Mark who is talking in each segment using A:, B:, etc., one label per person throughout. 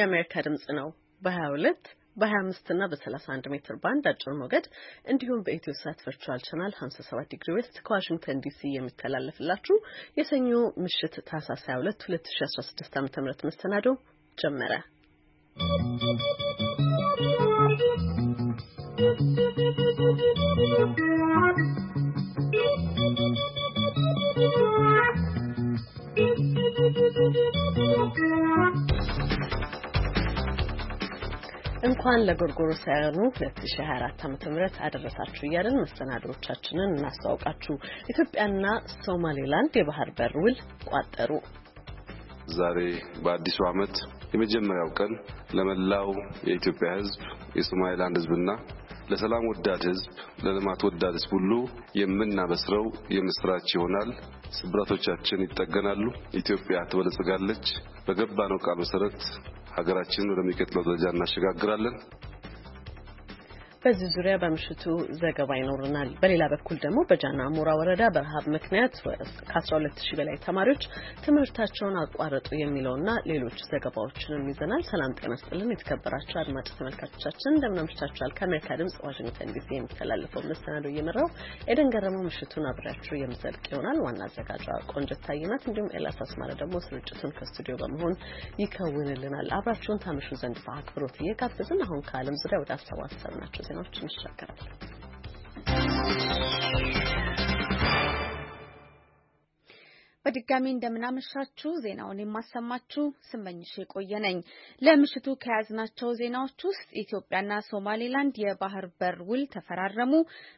A: የአሜሪካ ድምጽ ነው በ22 በ25 እና በ31 ሜትር ባንድ አጭር ሞገድ እንዲሁም በኢትዮ ሳት ቨርቹዋል ቻናል 57 ዲግሪ ዌስት ከዋሽንግተን ዲሲ የሚተላለፍላችሁ የሰኞ ምሽት ታህሳስ 22 2016 ም መሰናዶ ጀመረ። Thank you. እንኳን ሳያኑ 2024 ዓ.ም አደረሳችሁ እያለን መሰናዶዎቻችንን እናስተዋውቃችሁ። ኢትዮጵያና ሶማሌላንድ የባህር በር ውል ቋጠሩ።
B: ዛሬ በአዲሱ ዓመት የመጀመሪያው ቀን ለመላው የኢትዮጵያ ሕዝብ የሶማሌላንድ ሕዝብና ለሰላም ወዳድ ሕዝብ ለልማት ወዳድ ሕዝብ ሁሉ የምናበስረው የምስራች ይሆናል። ስብራቶቻችን ይጠገናሉ። ኢትዮጵያ ትበለጽጋለች። በገባነው ቃል መሰረት ሀገራችንን ወደሚቀጥለው ደረጃ እናሸጋግራለን።
A: በዚህ ዙሪያ በምሽቱ ዘገባ ይኖረናል። በሌላ በኩል ደግሞ በጃና ሞራ ወረዳ በረሃብ ምክንያት ከ12000 በላይ ተማሪዎች ትምህርታቸውን አቋረጡ የሚለውና ሌሎች ዘገባዎችንም ይዘናል። ሰላም ጤና ስጥልን የተከበራችሁ አድማጭ ተመልካቾቻችን እንደምን አምሽታችኋል። ከአሜሪካ ድምጽ ዋሽንግተን ዲሲ የሚተላለፈው መሰናዶ እየመራው ኤደን ገረመው ምሽቱን አብሬያችሁ የምዘልቅ ይሆናል። ዋና አዘጋጇ ቆንጀት ታይናት፣ እንዲሁም ኤላስ አስማረ ደግሞ ስርጭቱን ከስቱዲዮ በመሆን ይከውንልናል። አብራችሁን ታምሹ ዘንድ በአክብሮት እየጋበዝን አሁን ከአለም ዙሪያ ወደ አሰባሰብ ናቸው ዜናዎች እንሻገራለን።
C: በድጋሚ እንደምናመሻችሁ ዜናውን የማሰማችሁ ስመኝሽ የቆየ ነኝ። ለምሽቱ ከያዝናቸው ዜናዎች ውስጥ ኢትዮጵያና ሶማሌላንድ የባህር በር ውል ተፈራረሙ፣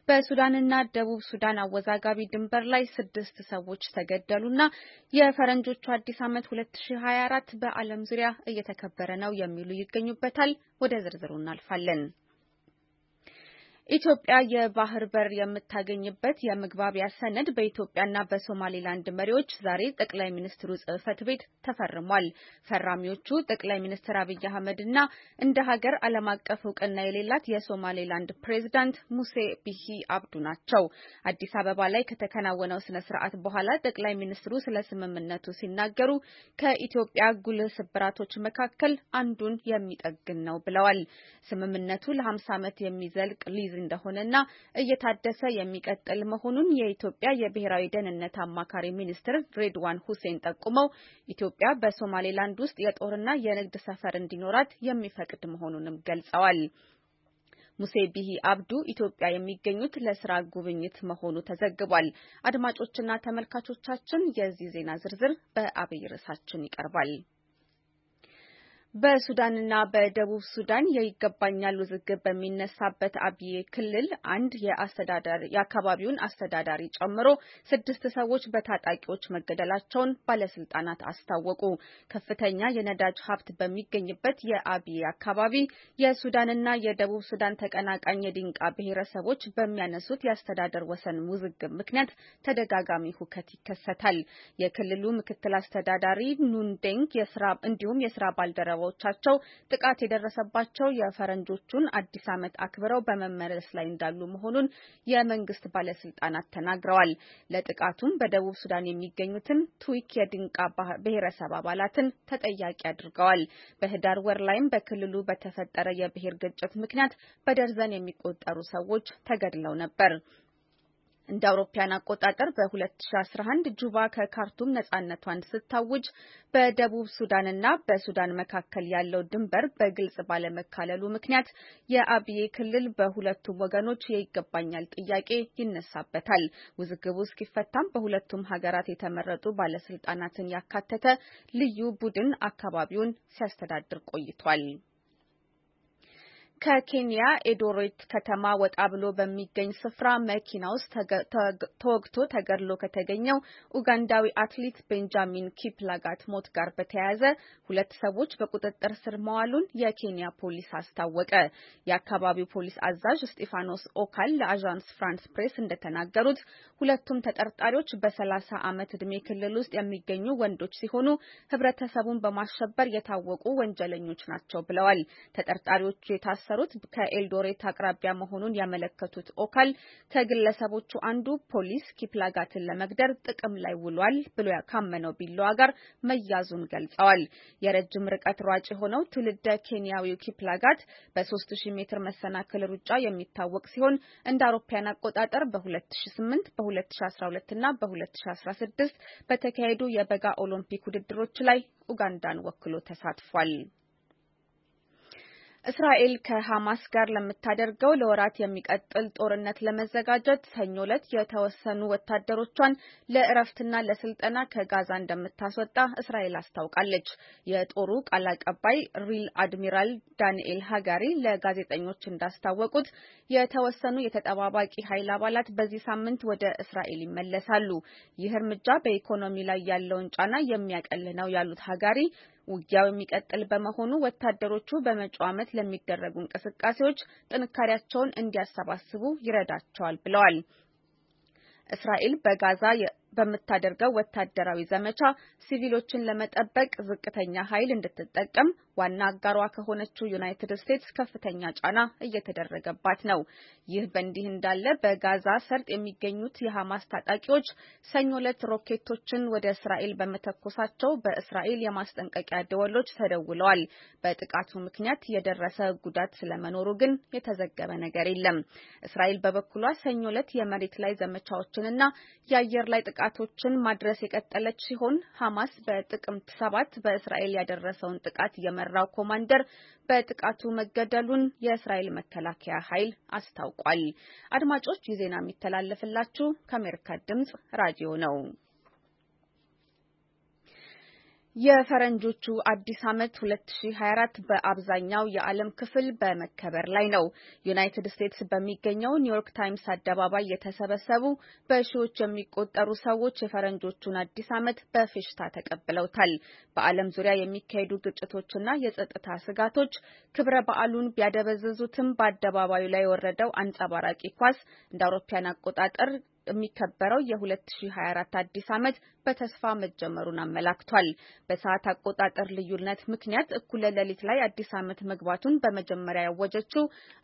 C: በሱዳንና ደቡብ ሱዳን አወዛጋቢ ድንበር ላይ ስድስት ሰዎች ተገደሉና የፈረንጆቹ አዲስ ዓመት 2024 በዓለም ዙሪያ እየተከበረ ነው የሚሉ ይገኙበታል። ወደ ዝርዝሩ እናልፋለን። ኢትዮጵያ የባህር በር የምታገኝበት የመግባቢያ ሰነድ በኢትዮጵያና በሶማሌላንድ መሪዎች ዛሬ ጠቅላይ ሚኒስትሩ ጽህፈት ቤት ተፈርሟል። ፈራሚዎቹ ጠቅላይ ሚኒስትር አብይ አህመድና እንደ ሀገር ዓለም አቀፍ እውቅና የሌላት የሶማሌላንድ ፕሬዚዳንት ሙሴ ቢሂ አብዱ ናቸው። አዲስ አበባ ላይ ከተከናወነው ስነ ስርዓት በኋላ ጠቅላይ ሚኒስትሩ ስለ ስምምነቱ ሲናገሩ ከኢትዮጵያ ጉልህ ስብራቶች መካከል አንዱን የሚጠግን ነው ብለዋል። ስምምነቱ ለሀምሳ ዓመት የሚዘልቅ ሊዝ ኢንቴንሲቭ እንደሆነና እየታደሰ የሚቀጥል መሆኑን የኢትዮጵያ የብሔራዊ ደህንነት አማካሪ ሚኒስትር ሬድዋን ሁሴን ጠቁመው ኢትዮጵያ በሶማሌላንድ ውስጥ የጦርና የንግድ ሰፈር እንዲኖራት የሚፈቅድ መሆኑንም ገልጸዋል። ሙሴ ቢሂ አብዱ ኢትዮጵያ የሚገኙት ለስራ ጉብኝት መሆኑ ተዘግቧል። አድማጮችና ተመልካቾቻችን የዚህ ዜና ዝርዝር በአብይ ርዕሳችን ይቀርባል። በሱዳንና በደቡብ ሱዳን የይገባኛል ውዝግብ በሚነሳበት አብዬ ክልል አንድ የአካባቢውን አስተዳዳሪ ጨምሮ ስድስት ሰዎች በታጣቂዎች መገደላቸውን ባለስልጣናት አስታወቁ። ከፍተኛ የነዳጅ ሀብት በሚገኝበት የአብዬ አካባቢ የሱዳንና የደቡብ ሱዳን ተቀናቃኝ የዲንቃ ብሔረሰቦች በሚያነሱት የአስተዳደር ወሰን ውዝግብ ምክንያት ተደጋጋሚ ሁከት ይከሰታል። የክልሉ ምክትል አስተዳዳሪ ኑንዴንግ የስራ እንዲሁም የስራ ባልደረባ ቤተሰቦቻቸው ጥቃት የደረሰባቸው የፈረንጆቹን አዲስ ዓመት አክብረው በመመለስ ላይ እንዳሉ መሆኑን የመንግስት ባለስልጣናት ተናግረዋል። ለጥቃቱም በደቡብ ሱዳን የሚገኙትን ቱዊክ የድንቃ ብሔረሰብ አባላትን ተጠያቂ አድርገዋል። በህዳር ወር ላይም በክልሉ በተፈጠረ የብሔር ግጭት ምክንያት በደርዘን የሚቆጠሩ ሰዎች ተገድለው ነበር። እንደ አውሮፓያን አቆጣጠር በ2011 ጁባ ከካርቱም ነጻነቷን ስታውጅ በደቡብ ሱዳንና በሱዳን መካከል ያለው ድንበር በግልጽ ባለመካለሉ ምክንያት የአብዬ ክልል በሁለቱም ወገኖች የይገባኛል ጥያቄ ይነሳበታል። ውዝግቡ እስኪፈታም በሁለቱም ሀገራት የተመረጡ ባለስልጣናትን ያካተተ ልዩ ቡድን አካባቢውን ሲያስተዳድር ቆይቷል። ከኬንያ ኤዶሬት ከተማ ወጣ ብሎ በሚገኝ ስፍራ መኪና ውስጥ ተወግቶ ተገድሎ ከተገኘው ኡጋንዳዊ አትሌት ቤንጃሚን ኪፕላጋት ሞት ጋር በተያያዘ ሁለት ሰዎች በቁጥጥር ስር መዋሉን የኬንያ ፖሊስ አስታወቀ። የአካባቢው ፖሊስ አዛዥ ስጢፋኖስ ኦካል ለአዣንስ ፍራንስ ፕሬስ እንደተናገሩት ሁለቱም ተጠርጣሪዎች በሰላሳ ዓመት ዕድሜ ክልል ውስጥ የሚገኙ ወንዶች ሲሆኑ ህብረተሰቡን በማሸበር የታወቁ ወንጀለኞች ናቸው ብለዋል። ተጠርጣሪዎቹ የታሰ የታሰሩት ከኤልዶሬት አቅራቢያ መሆኑን ያመለከቱት ኦካል ከግለሰቦቹ አንዱ ፖሊስ ኪፕላጋትን ለመግደር ጥቅም ላይ ውሏል ብሎ ካመነው ቢላዋ ጋር መያዙን ገልጸዋል። የረጅም ርቀት ሯጭ የሆነው ትውልደ ኬንያዊው ኪፕላጋት በ3000 ሜትር መሰናክል ሩጫ የሚታወቅ ሲሆን እንደ አውሮፓያን አቆጣጠር በ2008 በ2012 እና በ2016 በተካሄዱ የበጋ ኦሎምፒክ ውድድሮች ላይ ኡጋንዳን ወክሎ ተሳትፏል። እስራኤል ከሐማስ ጋር ለምታደርገው ለወራት የሚቀጥል ጦርነት ለመዘጋጀት ሰኞ ዕለት የተወሰኑ ወታደሮቿን ለእረፍትና ለስልጠና ከጋዛ እንደምታስወጣ እስራኤል አስታውቃለች። የጦሩ ቃል አቀባይ ሪል አድሚራል ዳንኤል ሀጋሪ ለጋዜጠኞች እንዳስታወቁት የተወሰኑ የተጠባባቂ ኃይል አባላት በዚህ ሳምንት ወደ እስራኤል ይመለሳሉ። ይህ እርምጃ በኢኮኖሚ ላይ ያለውን ጫና የሚያቀል ነው ያሉት ሀጋሪ ውጊያው የሚቀጥል በመሆኑ ወታደሮቹ በመጪው ዓመት ለሚደረጉ እንቅስቃሴዎች ጥንካሬያቸውን እንዲያሰባስቡ ይረዳቸዋል ብለዋል። እስራኤል በጋዛ በምታደርገው ወታደራዊ ዘመቻ ሲቪሎችን ለመጠበቅ ዝቅተኛ ኃይል እንድትጠቀም ዋና አጋሯ ከሆነችው ዩናይትድ ስቴትስ ከፍተኛ ጫና እየተደረገባት ነው። ይህ በእንዲህ እንዳለ በጋዛ ሰርጥ የሚገኙት የሐማስ ታጣቂዎች ሰኞ ዕለት ሮኬቶችን ወደ እስራኤል በመተኮሳቸው በእስራኤል የማስጠንቀቂያ ደወሎች ተደውለዋል። በጥቃቱ ምክንያት የደረሰ ጉዳት ስለመኖሩ ግን የተዘገበ ነገር የለም። እስራኤል በበኩሏ ሰኞ ዕለት የመሬት ላይ ዘመቻዎችንና የአየር ላይ ጥቃ ጥቃቶችን ማድረስ የቀጠለች ሲሆን ሐማስ በጥቅምት ሰባት በእስራኤል ያደረሰውን ጥቃት የመራው ኮማንደር በጥቃቱ መገደሉን የእስራኤል መከላከያ ኃይል አስታውቋል። አድማጮች ይህ ዜና የሚተላለፍላችሁ ከአሜሪካ ድምጽ ራዲዮ ነው። የፈረንጆቹ አዲስ ዓመት 2024 በአብዛኛው የዓለም ክፍል በመከበር ላይ ነው። ዩናይትድ ስቴትስ በሚገኘው ኒውዮርክ ታይምስ አደባባይ የተሰበሰቡ በሺዎች የሚቆጠሩ ሰዎች የፈረንጆቹን አዲስ ዓመት በፌሽታ ተቀብለውታል። በዓለም ዙሪያ የሚካሄዱ ግጭቶችና የጸጥታ ስጋቶች ክብረ በዓሉን ቢያደበዝዙትም በአደባባዩ ላይ የወረደው አንጸባራቂ ኳስ እንደ አውሮፓያን አቆጣጠር የሚከበረው የ2024 አዲስ ዓመት በተስፋ መጀመሩን አመላክቷል። በሰዓት አቆጣጠር ልዩነት ምክንያት እኩለ ሌሊት ላይ አዲስ ዓመት መግባቱን በመጀመሪያ ያወጀችው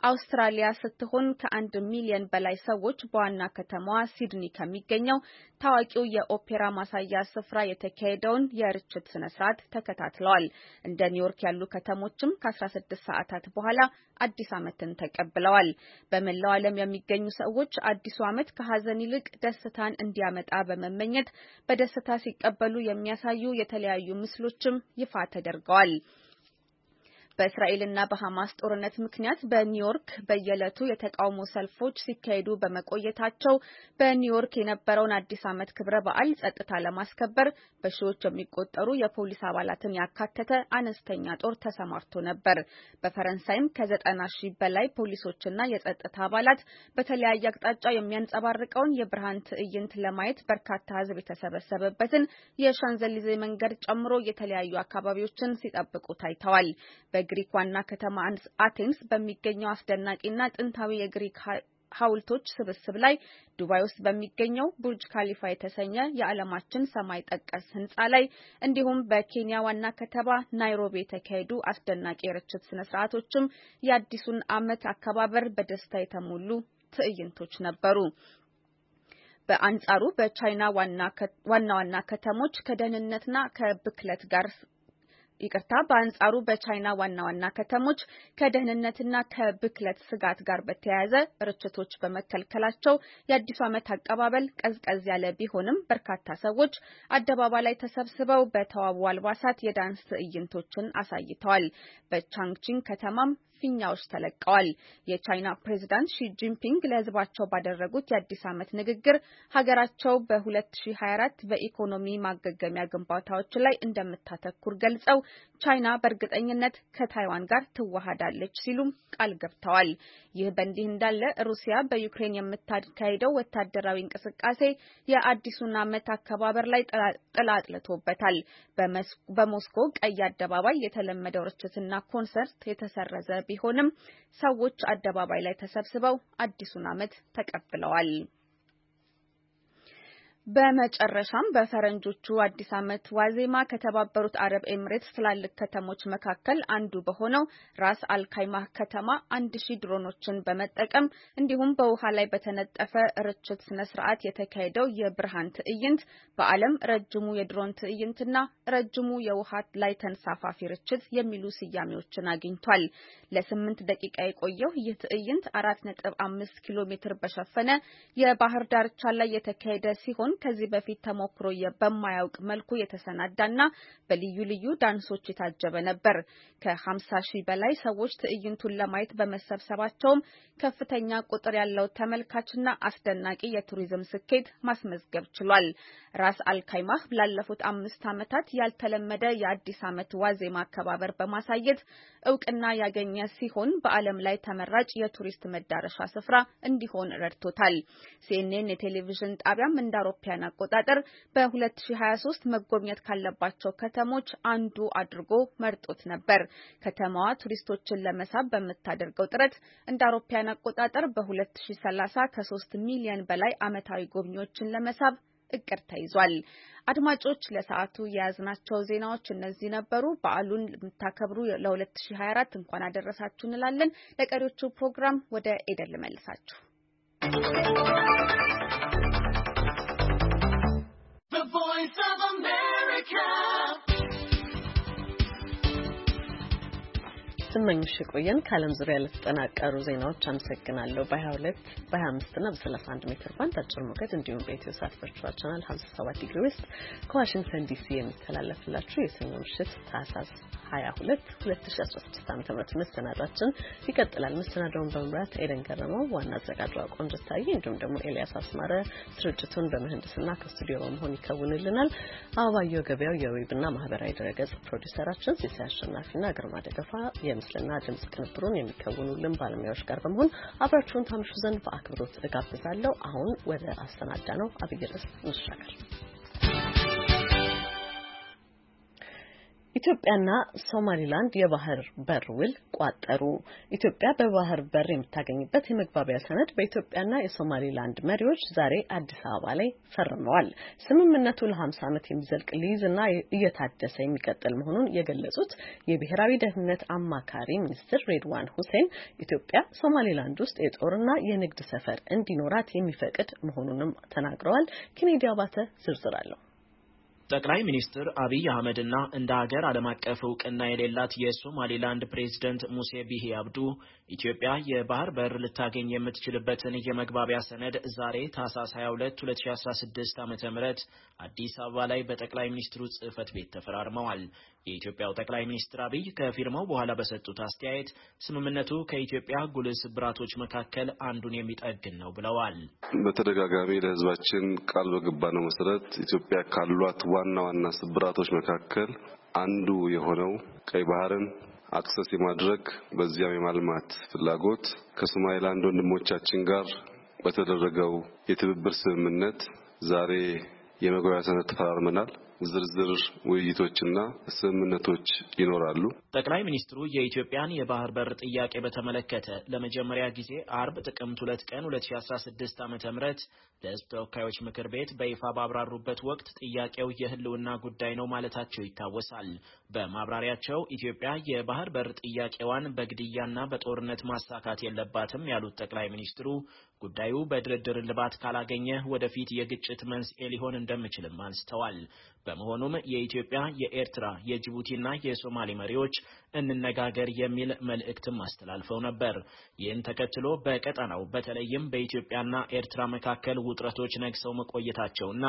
C: አውስትራሊያ ስትሆን ከአንድ ሚሊየን በላይ ሰዎች በዋና ከተማዋ ሲድኒ ከሚገኘው ታዋቂው የኦፔራ ማሳያ ስፍራ የተካሄደውን የርችት ስነ ስርዓት ተከታትለዋል። እንደ ኒውዮርክ ያሉ ከተሞችም ከ16 ሰዓታት በኋላ አዲስ ዓመትን ተቀብለዋል። በመላው ዓለም የሚገኙ ሰዎች አዲሱ ዓመት ከሀዘን ይልቅ ደስታን እንዲያመጣ በመመኘት በደ በደስታ ሲቀበሉ የሚያሳዩ የተለያዩ ምስሎችም ይፋ ተደርገዋል። በእስራኤልና በሐማስ ጦርነት ምክንያት በኒውዮርክ በየዕለቱ የተቃውሞ ሰልፎች ሲካሄዱ በመቆየታቸው በኒውዮርክ የነበረውን አዲስ ዓመት ክብረ በዓል ጸጥታ ለማስከበር በሺዎች የሚቆጠሩ የፖሊስ አባላትን ያካተተ አነስተኛ ጦር ተሰማርቶ ነበር። በፈረንሳይም ከዘጠና ሺህ በላይ ፖሊሶችና የጸጥታ አባላት በተለያየ አቅጣጫ የሚያንጸባርቀውን የብርሃን ትዕይንት ለማየት በርካታ ሕዝብ የተሰበሰበበትን የሻንዘሊዜ መንገድ ጨምሮ የተለያዩ አካባቢዎችን ሲጠብቁ ታይተዋል። የግሪክ ዋና ከተማ አቴንስ በሚገኘው አስደናቂና ጥንታዊ የግሪክ ሐውልቶች ስብስብ ላይ ዱባይ ውስጥ በሚገኘው ቡርጅ ካሊፋ የተሰኘ የዓለማችን ሰማይ ጠቀስ ህንፃ ላይ እንዲሁም በኬንያ ዋና ከተማ ናይሮቢ የተካሄዱ አስደናቂ የርችት ስነ ስርዓቶችም የአዲሱን ዓመት አከባበር በደስታ የተሞሉ ትዕይንቶች ነበሩ። በአንጻሩ በቻይና ዋና ዋና ከተሞች ከደህንነትና ከብክለት ጋር ይቅርታ። በአንጻሩ በቻይና ዋና ዋና ከተሞች ከደህንነትና ከብክለት ስጋት ጋር በተያያዘ ርችቶች በመከልከላቸው የአዲሱ ዓመት አቀባበል ቀዝቀዝ ያለ ቢሆንም በርካታ ሰዎች አደባባይ ላይ ተሰብስበው በተዋቡ አልባሳት የዳንስ ትዕይንቶችን አሳይተዋል። በቻንግቺን ከተማም ፊኛዎች ተለቀዋል። የቻይና ፕሬዚዳንት ሺ ጂንፒንግ ለህዝባቸው ባደረጉት የአዲስ ዓመት ንግግር ሀገራቸው በ2024 በኢኮኖሚ ማገገሚያ ግንባታዎች ላይ እንደምታተኩር ገልጸው ቻይና በእርግጠኝነት ከታይዋን ጋር ትዋሃዳለች ሲሉም ቃል ገብተዋል። ይህ በእንዲህ እንዳለ ሩሲያ በዩክሬን የምታካሄደው ወታደራዊ እንቅስቃሴ የአዲሱን ዓመት አከባበር ላይ ጥላ አጥልቶበታል። በሞስኮ ቀይ አደባባይ የተለመደው ርችትና ኮንሰርት የተሰረዘ ቢሆንም ሰዎች አደባባይ ላይ ተሰብስበው አዲሱን ዓመት ተቀብለዋል። በመጨረሻም በፈረንጆቹ አዲስ ዓመት ዋዜማ ከተባበሩት አረብ ኤምሬትስ ትላልቅ ከተሞች መካከል አንዱ በሆነው ራስ አልካይማ ከተማ አንድ ሺህ ድሮኖችን በመጠቀም እንዲሁም በውሃ ላይ በተነጠፈ ርችት ስነ ስርዓት የተካሄደው የብርሃን ትዕይንት በዓለም ረጅሙ የድሮን ትዕይንትና ረጅሙ የውሃ ላይ ተንሳፋፊ ርችት የሚሉ ስያሜዎችን አግኝቷል። ለስምንት ደቂቃ የቆየው ይህ ትዕይንት አራት ነጥብ አምስት ኪሎ ሜትር በሸፈነ የባህር ዳርቻ ላይ የተካሄደ ሲሆን ከዚህ በፊት ተሞክሮ በማያውቅ መልኩ የተሰናዳና በልዩ ልዩ ዳንሶች የታጀበ ነበር። ከ50 ሺህ በላይ ሰዎች ትዕይንቱን ለማየት በመሰብሰባቸውም ከፍተኛ ቁጥር ያለው ተመልካችና አስደናቂ የቱሪዝም ስኬት ማስመዝገብ ችሏል። ራስ አልካይማህ ላለፉት አምስት ዓመታት ያልተለመደ የአዲስ ዓመት ዋዜማ አከባበር በማሳየት እውቅና ያገኘ ሲሆን በዓለም ላይ ተመራጭ የቱሪስት መዳረሻ ስፍራ እንዲሆን ረድቶታል። ሲኤንኤን የቴሌቪዥን ጣቢያም እንደ አውሮፓ አውሮፓውያን አቆጣጠር በ2023 መጎብኘት ካለባቸው ከተሞች አንዱ አድርጎ መርጦት ነበር። ከተማዋ ቱሪስቶችን ለመሳብ በምታደርገው ጥረት እንደ አውሮፓውያን አቆጣጠር በ2030 ከ3 ሚሊዮን በላይ ዓመታዊ ጎብኚዎችን ለመሳብ እቅድ ተይዟል። አድማጮች ለሰዓቱ የያዝናቸው ዜናዎች እነዚህ ነበሩ። በዓሉን የምታከብሩ ለ2024 እንኳን አደረሳችሁ እንላለን። ለቀሪዎቹ ፕሮግራም ወደ ኤደን ልመልሳችሁ።
A: ስመኝሽ የቆየን ከዓለም ዙሪያ ለተጠናቀሩ ዜናዎች አመሰግናለሁ። በ22 በ25 እና በ31 ሜትር ባንድ አጭር ሞገድ እንዲሁም በኢትዮ ሳት ቨርቹዋል ቻናል 57 ዲግሪ ውስጥ ከዋሽንግተን ዲሲ የሚተላለፍላችሁ የሰኞ ምሽት ታህሳስ 22 2016 ዓ.ም መሰናዷችን ይቀጥላል። መሰናዳውን በመምራት ኤደን ገረመው፣ ዋና አዘጋጇ ቆንጅት ታዬ፣ እንዲሁም ደግሞ ኤልያስ አስማረ ስርጭቱን በምህንድስና ከስቱዲዮ በመሆን ይከውንልናል። አበባየሁ ገበያው የዌብና ማህበራዊ ድረገጽ ፕሮዲሰራችን ሲሳይ አሸናፊና ግርማ ደገፋ የምስልና ድምጽ ቅንብሩን የሚከውኑልን ባለሙያዎች ጋር በመሆን አብራችሁን ታምሹ ዘንድ በአክብሮት እጋብዛለሁ። አሁን ወደ አሰናዳ ነው አብይ ርዕስ እንሻገር። ኢትዮጵያና ሶማሊላንድ የባህር በር ውል ቋጠሩ። ኢትዮጵያ በባህር በር የምታገኝበት የመግባቢያ ሰነድ በኢትዮጵያና የሶማሊላንድ መሪዎች ዛሬ አዲስ አበባ ላይ ፈርመዋል። ስምምነቱ ለ50 ዓመት የሚዘልቅ ሊዝና እየታደሰ የሚቀጥል መሆኑን የገለጹት የብሔራዊ ደህንነት አማካሪ ሚኒስትር ሬድዋን ሁሴን ኢትዮጵያ ሶማሊላንድ ውስጥ የጦርና የንግድ ሰፈር እንዲኖራት የሚፈቅድ መሆኑንም ተናግረዋል። ኬኔዲ አባተ ዝርዝር አለው።
D: ጠቅላይ ሚኒስትር አብይ አህመድና እንደ ሀገር ዓለም አቀፍ እውቅና የሌላት የሶማሌላንድ ፕሬዝደንት ሙሴ ቢሂ አብዱ ኢትዮጵያ የባህር በር ልታገኝ የምትችልበትን የመግባቢያ ሰነድ ዛሬ ታህሳስ 22 2016 ዓ ም አዲስ አበባ ላይ በጠቅላይ ሚኒስትሩ ጽህፈት ቤት ተፈራርመዋል። የኢትዮጵያው ጠቅላይ ሚኒስትር አብይ ከፊርማው በኋላ በሰጡት አስተያየት ስምምነቱ ከኢትዮጵያ ጉልህ ስብራቶች መካከል አንዱን የሚጠግን ነው ብለዋል።
B: በተደጋጋሚ ለህዝባችን ቃል ነው መሰረት ኢትዮጵያ ካሏት ዋና ዋና ስብራቶች መካከል አንዱ የሆነው ቀይ ባህርን አክሰስ የማድረግ በዚያም የማልማት ፍላጎት ከሶማሌላንድ ወንድሞቻችን ጋር በተደረገው የትብብር ስምምነት ዛሬ የመግባቢያ ሰነድ ተፈራርመናል። ዝርዝር ውይይቶችና ስምምነቶች ይኖራሉ።
D: ጠቅላይ ሚኒስትሩ የኢትዮጵያን የባህር በር ጥያቄ በተመለከተ ለመጀመሪያ ጊዜ አርብ ጥቅምት ሁለት ቀን 2016 ዓ ም ለህዝብ ተወካዮች ምክር ቤት በይፋ ባብራሩበት ወቅት ጥያቄው የህልውና ጉዳይ ነው ማለታቸው ይታወሳል። በማብራሪያቸው ኢትዮጵያ የባህር በር ጥያቄዋን በግድያና በጦርነት ማሳካት የለባትም ያሉት ጠቅላይ ሚኒስትሩ ጉዳዩ በድርድር እልባት ካላገኘ ወደፊት የግጭት መንስኤ ሊሆን እንደሚችልም አንስተዋል። በመሆኑም የኢትዮጵያ፣ የኤርትራ፣ የጅቡቲና የሶማሌ መሪዎች እንነጋገር የሚል መልእክትም አስተላልፈው ነበር። ይህን ተከትሎ በቀጠናው በተለይም በኢትዮጵያና ኤርትራ መካከል ውጥረቶች ነግሰው መቆየታቸውና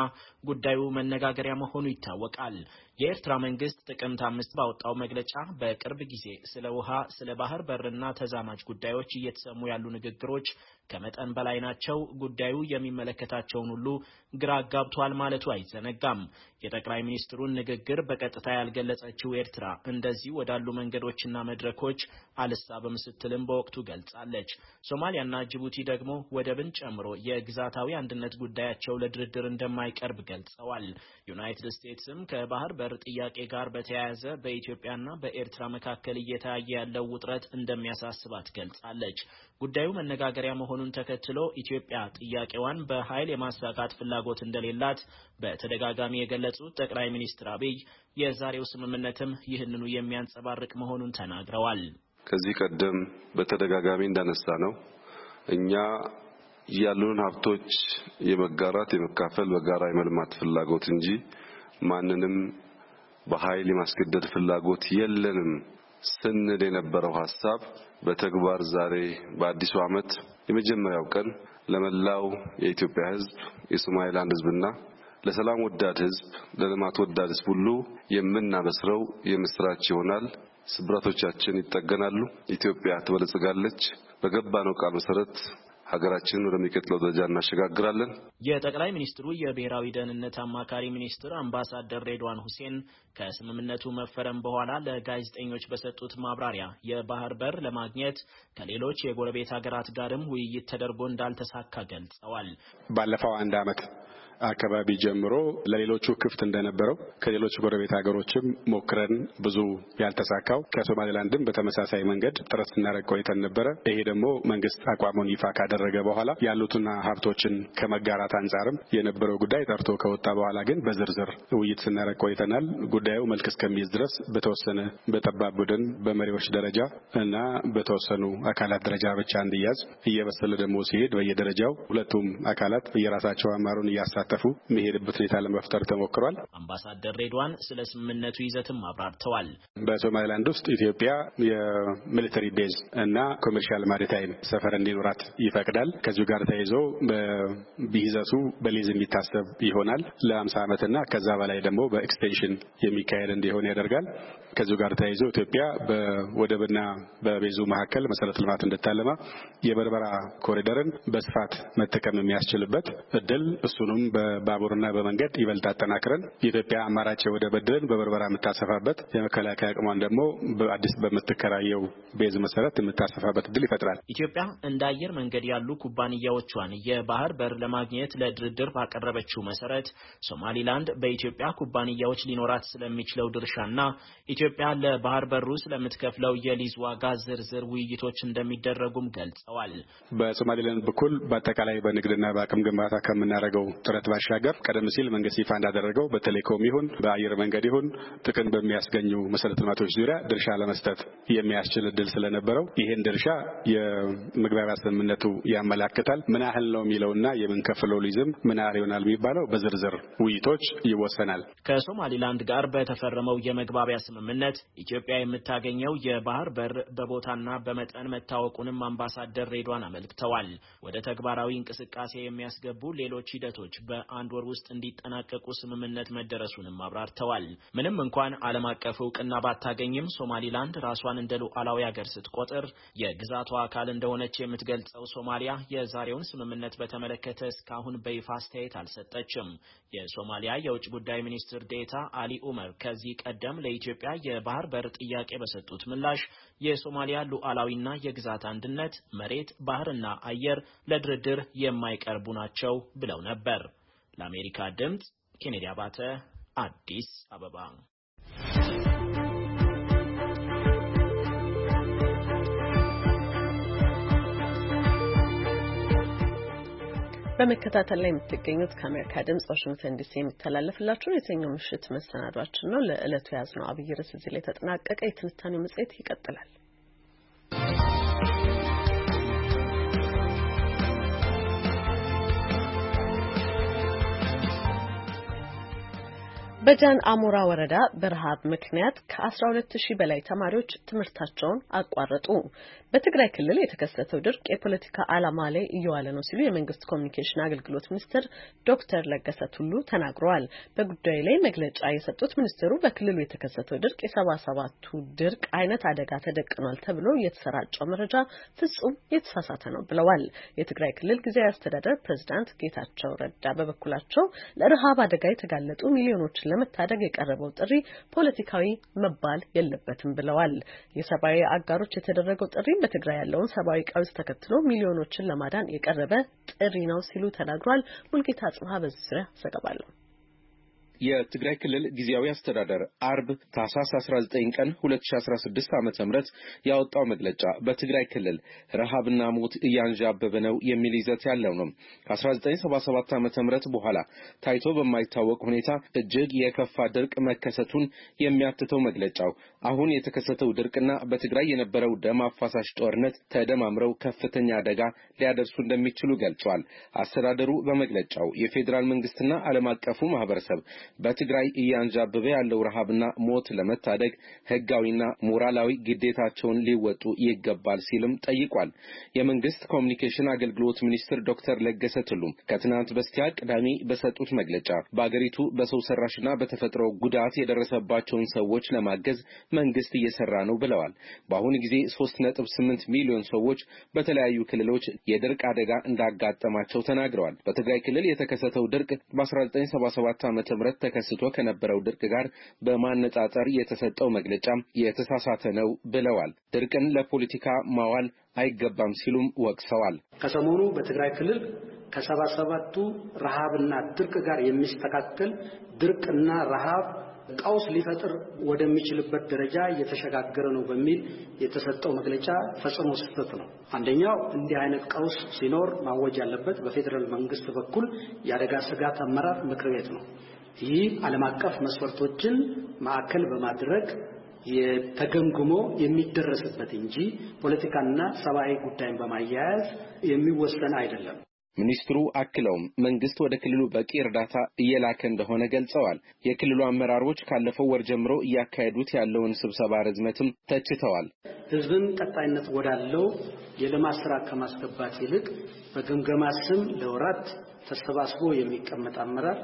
D: ጉዳዩ መነጋገሪያ መሆኑ ይታወቃል። የኤርትራ መንግስት ጥቅምት አምስት ባወጣው መግለጫ በቅርብ ጊዜ ስለ ውሃ፣ ስለ ባህር በርና ተዛማጅ ጉዳዮች እየተሰሙ ያሉ ንግግሮች ከመጠን በላይ ናቸው፣ ጉዳዩ የሚመለከታቸውን ሁሉ ግራ አጋብቷል ማለቱ አይዘነጋም። የጠቅላይ ሚኒስትሩን ንግግር በቀጥታ ያልገለጸችው ኤርትራ እንደዚህ ወዳሉ መንገዶችና መድረኮች አልሳብም ስትልም በወቅቱ ገልጻለች። ሶማሊያና ጅቡቲ ደግሞ ወደብን ጨምሮ የግዛታዊ አንድነት ጉዳያቸው ለድርድር እንደማይቀርብ ገልጸዋል። ዩናይትድ ስቴትስም ከባህር በር ድንበር ጥያቄ ጋር በተያያዘ በኢትዮጵያና በኤርትራ መካከል እየታየ ያለው ውጥረት እንደሚያሳስባት ገልጻለች። ጉዳዩ መነጋገሪያ መሆኑን ተከትሎ ኢትዮጵያ ጥያቄዋን በኃይል የማሳካት ፍላጎት እንደሌላት በተደጋጋሚ የገለጹት ጠቅላይ ሚኒስትር አብይ የዛሬው ስምምነትም ይህንኑ የሚያንጸባርቅ መሆኑን
E: ተናግረዋል።
B: ከዚህ ቀደም በተደጋጋሚ እንዳነሳ ነው እኛ ያሉን ሀብቶች የመጋራት የመካፈል በጋራ የመልማት ፍላጎት እንጂ ማንንም በኃይል የማስገደድ ፍላጎት የለንም ስንል የነበረው ሀሳብ በተግባር ዛሬ በአዲሱ ዓመት የመጀመሪያው ቀን ለመላው የኢትዮጵያ ሕዝብ የሶማሌላንድ ሕዝብና ለሰላም ወዳድ ሕዝብ ለልማት ወዳድ ሕዝብ ሁሉ የምናበስረው የምስራች ይሆናል። ስብራቶቻችን ይጠገናሉ። ኢትዮጵያ ትበለጽጋለች። በገባነው ቃል መሰረት ሀገራችንን ወደሚቀጥለው ደረጃ እናሸጋግራለን።
D: የጠቅላይ ሚኒስትሩ የብሔራዊ ደህንነት አማካሪ ሚኒስትር አምባሳደር ሬድዋን ሁሴን ከስምምነቱ መፈረም በኋላ ለጋዜጠኞች በሰጡት ማብራሪያ የባህር በር ለማግኘት ከሌሎች የጎረቤት ሀገራት ጋርም ውይይት ተደርጎ እንዳልተሳካ ገልጸዋል።
F: ባለፈው አንድ ዓመት አካባቢ ጀምሮ ለሌሎቹ ክፍት እንደነበረው ከሌሎች ጎረቤት ሀገሮችም ሞክረን ብዙ ያልተሳካው ከሶማሌላንድም በተመሳሳይ መንገድ ጥረት ስናደርግ ቆይተን ነበረ። ይሄ ደግሞ መንግስት አቋሙን ይፋ ካደረገ በኋላ ያሉትና ሀብቶችን ከመጋራት አንጻርም የነበረው ጉዳይ ጠርቶ ከወጣ በኋላ ግን በዝርዝር ውይይት ስናደረግ ቆይተናል። ጉዳዩ መልክ እስከሚይዝ ድረስ በተወሰነ በጠባብ ቡድን በመሪዎች ደረጃ እና በተወሰኑ አካላት ደረጃ ብቻ እንዲያዝ እየበሰለ ደግሞ ሲሄድ በየደረጃው ሁለቱም አካላት የራሳቸው አማሩን እያሳ እንዲሳተፉ የሚሄድበት ሁኔታ ለመፍጠር ተሞክሯል።
D: አምባሳደር ሬድዋን ስለ ስምምነቱ ይዘትም አብራርተዋል።
F: በሶማሊላንድ ውስጥ ኢትዮጵያ የሚሊተሪ ቤዝ እና ኮሜርሻል ማሪታይም ሰፈር እንዲኖራት ይፈቅዳል። ከዚሁ ጋር ተያይዞ ቢዘቱ በሊዝ የሚታሰብ ይሆናል። ለአምሳ ዓመትና ከዛ በላይ ደግሞ በኤክስቴንሽን የሚካሄድ እንዲሆን ያደርጋል። ከዚሁ ጋር ተያይዞ ኢትዮጵያ በወደብና በቤዙ መካከል መሰረተ ልማት እንድታለማ የበርበራ ኮሪደርን በስፋት መጠቀም የሚያስችልበት እድል እሱንም በባቡርና በመንገድ ይበልጥ አጠናክረን የኢትዮጵያ አማራጭ የወደብ እድልን በበርበራ የምታሰፋበት የመከላከያ አቅሟን ደግሞ በአዲስ በምትከራየው ቤዝ መሰረት የምታሰፋበት እድል ይፈጥራል።
D: ኢትዮጵያ እንደ አየር መንገድ ያሉ ኩባንያዎቿን የባህር በር ለማግኘት ለድርድር ባቀረበችው መሰረት ሶማሊላንድ በኢትዮጵያ ኩባንያዎች ሊኖራት ስለሚችለው ድርሻና ኢትዮጵያ ለባህር ውስጥ ለምትከፍለው የሊዝ ዋጋ ዝርዝር ውይይቶች እንደሚደረጉም ገልጸዋል።
F: በሶማሌላንድ በኩል በአጠቃላይ በንግድና በአቅም ግንባታ ከምናደርገው ጥረት ባሻገር ቀደም ሲል መንግስት ይፋ እንዳደረገው በቴሌኮም ይሁን በአየር መንገድ ይሁን ጥቅም በሚያስገኙ መሰረተ ልማቶች ዙሪያ ድርሻ ለመስጠት የሚያስችል እድል ስለነበረው ይህን ድርሻ የመግባቢያ ስምምነቱ ያመላክታል። ምን ያህል ነው የሚለውና የምንከፍለው ሊዝም ምን ያህል ይሆናል የሚባለው በዝርዝር ውይይቶች ይወሰናል።
D: ከሶማሌላንድ ጋር በተፈረመው የመግባቢያ ስምምነት ስምምነት ኢትዮጵያ የምታገኘው የባህር በር በቦታና በመጠን መታወቁንም አምባሳደር ሬድዋን አመልክተዋል። ወደ ተግባራዊ እንቅስቃሴ የሚያስገቡ ሌሎች ሂደቶች በአንድ ወር ውስጥ እንዲጠናቀቁ ስምምነት መደረሱንም አብራርተዋል። ምንም እንኳን ዓለም አቀፍ እውቅና ባታገኝም ሶማሊላንድ ራሷን እንደ ሉዓላዊ ሀገር ስትቆጥር የግዛቷ አካል እንደሆነች የምትገልጸው ሶማሊያ የዛሬውን ስምምነት በተመለከተ እስካሁን በይፋ አስተያየት አልሰጠችም። የሶማሊያ የውጭ ጉዳይ ሚኒስትር ዴታ አሊ ኡመር ከዚህ ቀደም ለኢትዮጵያ የባህር በር ጥያቄ በሰጡት ምላሽ የሶማሊያ ሉዓላዊና የግዛት አንድነት፣ መሬት፣ ባህርና አየር ለድርድር የማይቀርቡ ናቸው ብለው ነበር። ለአሜሪካ ድምፅ ኬኔዲ አባተ አዲስ አበባ
A: በመከታተል ላይ የምትገኙት ከአሜሪካ ድምጽ ዋሽንግተን ዲሲ የሚተላለፍላችሁን የሰኞ ምሽት መሰናዷችን ነው። ለዕለቱ የያዝነው አብይ ርዕስ እዚህ ላይ ተጠናቀቀ። የትንታኔው መጽሔት ይቀጥላል። በጃን አሞራ ወረዳ በረሃብ ምክንያት ከ 12000 በላይ ተማሪዎች ትምህርታቸውን አቋረጡ። በትግራይ ክልል የተከሰተው ድርቅ የፖለቲካ ዓላማ ላይ እየዋለ ነው ሲሉ የመንግስት ኮሚኒኬሽን አገልግሎት ሚኒስትር ዶክተር ለገሰ ቱሉ ተናግረዋል። በጉዳዩ ላይ መግለጫ የሰጡት ሚኒስትሩ በክልሉ የተከሰተው ድርቅ የሰባ ሰባቱ ድርቅ አይነት አደጋ ተደቅኗል ተብሎ የተሰራጨው መረጃ ፍጹም የተሳሳተ ነው ብለዋል። የትግራይ ክልል ጊዜያዊ አስተዳደር ፕሬዚዳንት ጌታቸው ረዳ በበኩላቸው ለረሃብ አደጋ የተጋለጡ ሚሊዮኖች ለመታደግ የቀረበው ጥሪ ፖለቲካዊ መባል የለበትም ብለዋል። የሰብአዊ አጋሮች የተደረገው ጥሪ በትግራይ ያለውን ሰብአዊ ቀውስ ተከትሎ ሚሊዮኖችን ለማዳን የቀረበ ጥሪ ነው ሲሉ ተናግሯል። ሙልጌታ ጽብሃ በዚህ ዙሪያ ዘገባ አለው።
G: የትግራይ ክልል ጊዜያዊ አስተዳደር አርብ ታህሳስ 19 ቀን 2016 ዓ ም ያወጣው መግለጫ በትግራይ ክልል ረሃብና ሞት እያንዣበበ ነው የሚል ይዘት ያለው ነው። ከ1977 ዓ ም በኋላ ታይቶ በማይታወቅ ሁኔታ እጅግ የከፋ ድርቅ መከሰቱን የሚያትተው መግለጫው አሁን የተከሰተው ድርቅና በትግራይ የነበረው ደም አፋሳሽ ጦርነት ተደማምረው ከፍተኛ አደጋ ሊያደርሱ እንደሚችሉ ገልጿል። አስተዳደሩ በመግለጫው የፌዴራል መንግስትና ዓለም አቀፉ ማህበረሰብ በትግራይ እያንዣበበ ያለው ረሃብና ሞት ለመታደግ ህጋዊና ሞራላዊ ግዴታቸውን ሊወጡ ይገባል ሲልም ጠይቋል። የመንግስት ኮሚኒኬሽን አገልግሎት ሚኒስትር ዶክተር ለገሰ ቱሉም ከትናንት በስቲያ ቅዳሜ በሰጡት መግለጫ በአገሪቱ በሰው ሰራሽና በተፈጥሮ ጉዳት የደረሰባቸውን ሰዎች ለማገዝ መንግስት እየሰራ ነው ብለዋል። በአሁኑ ጊዜ 3.8 ሚሊዮን ሰዎች በተለያዩ ክልሎች የድርቅ አደጋ እንዳጋጠማቸው ተናግረዋል። በትግራይ ክልል የተከሰተው ድርቅ በ1977 ዓ.ም ተከስቶ ከነበረው ድርቅ ጋር በማነጻጸር የተሰጠው መግለጫ የተሳሳተ ነው ብለዋል። ድርቅን ለፖለቲካ ማዋል አይገባም ሲሉም ወቅሰዋል። ከሰሞኑ
H: በትግራይ ክልል ከሰባ ሰባቱ ረሃብና ድርቅ ጋር የሚስተካከል ድርቅና ረሃብ ቀውስ ሊፈጥር ወደሚችልበት ደረጃ እየተሸጋገረ ነው በሚል የተሰጠው መግለጫ ፈጽሞ ስህተት ነው። አንደኛው እንዲህ አይነት ቀውስ ሲኖር ማወጅ ያለበት በፌዴራል መንግስት በኩል የአደጋ ስጋት አመራር ምክር ቤት ነው። ይህ ዓለም አቀፍ መስፈርቶችን ማዕከል በማድረግ ተገምግሞ የሚደረስበት እንጂ ፖለቲካና ሰብአዊ ጉዳይን በማያያዝ የሚወሰን አይደለም።
G: ሚኒስትሩ አክለውም መንግስት ወደ ክልሉ በቂ እርዳታ እየላከ እንደሆነ ገልጸዋል። የክልሉ አመራሮች ካለፈው ወር ጀምሮ እያካሄዱት ያለውን ስብሰባ ርዝመትም ተችተዋል።
H: ህዝብን ቀጣይነት ወዳለው የልማት ስራ ከማስገባት ይልቅ በግምገማ ስም ለወራት ተሰባስቦ የሚቀመጥ አመራር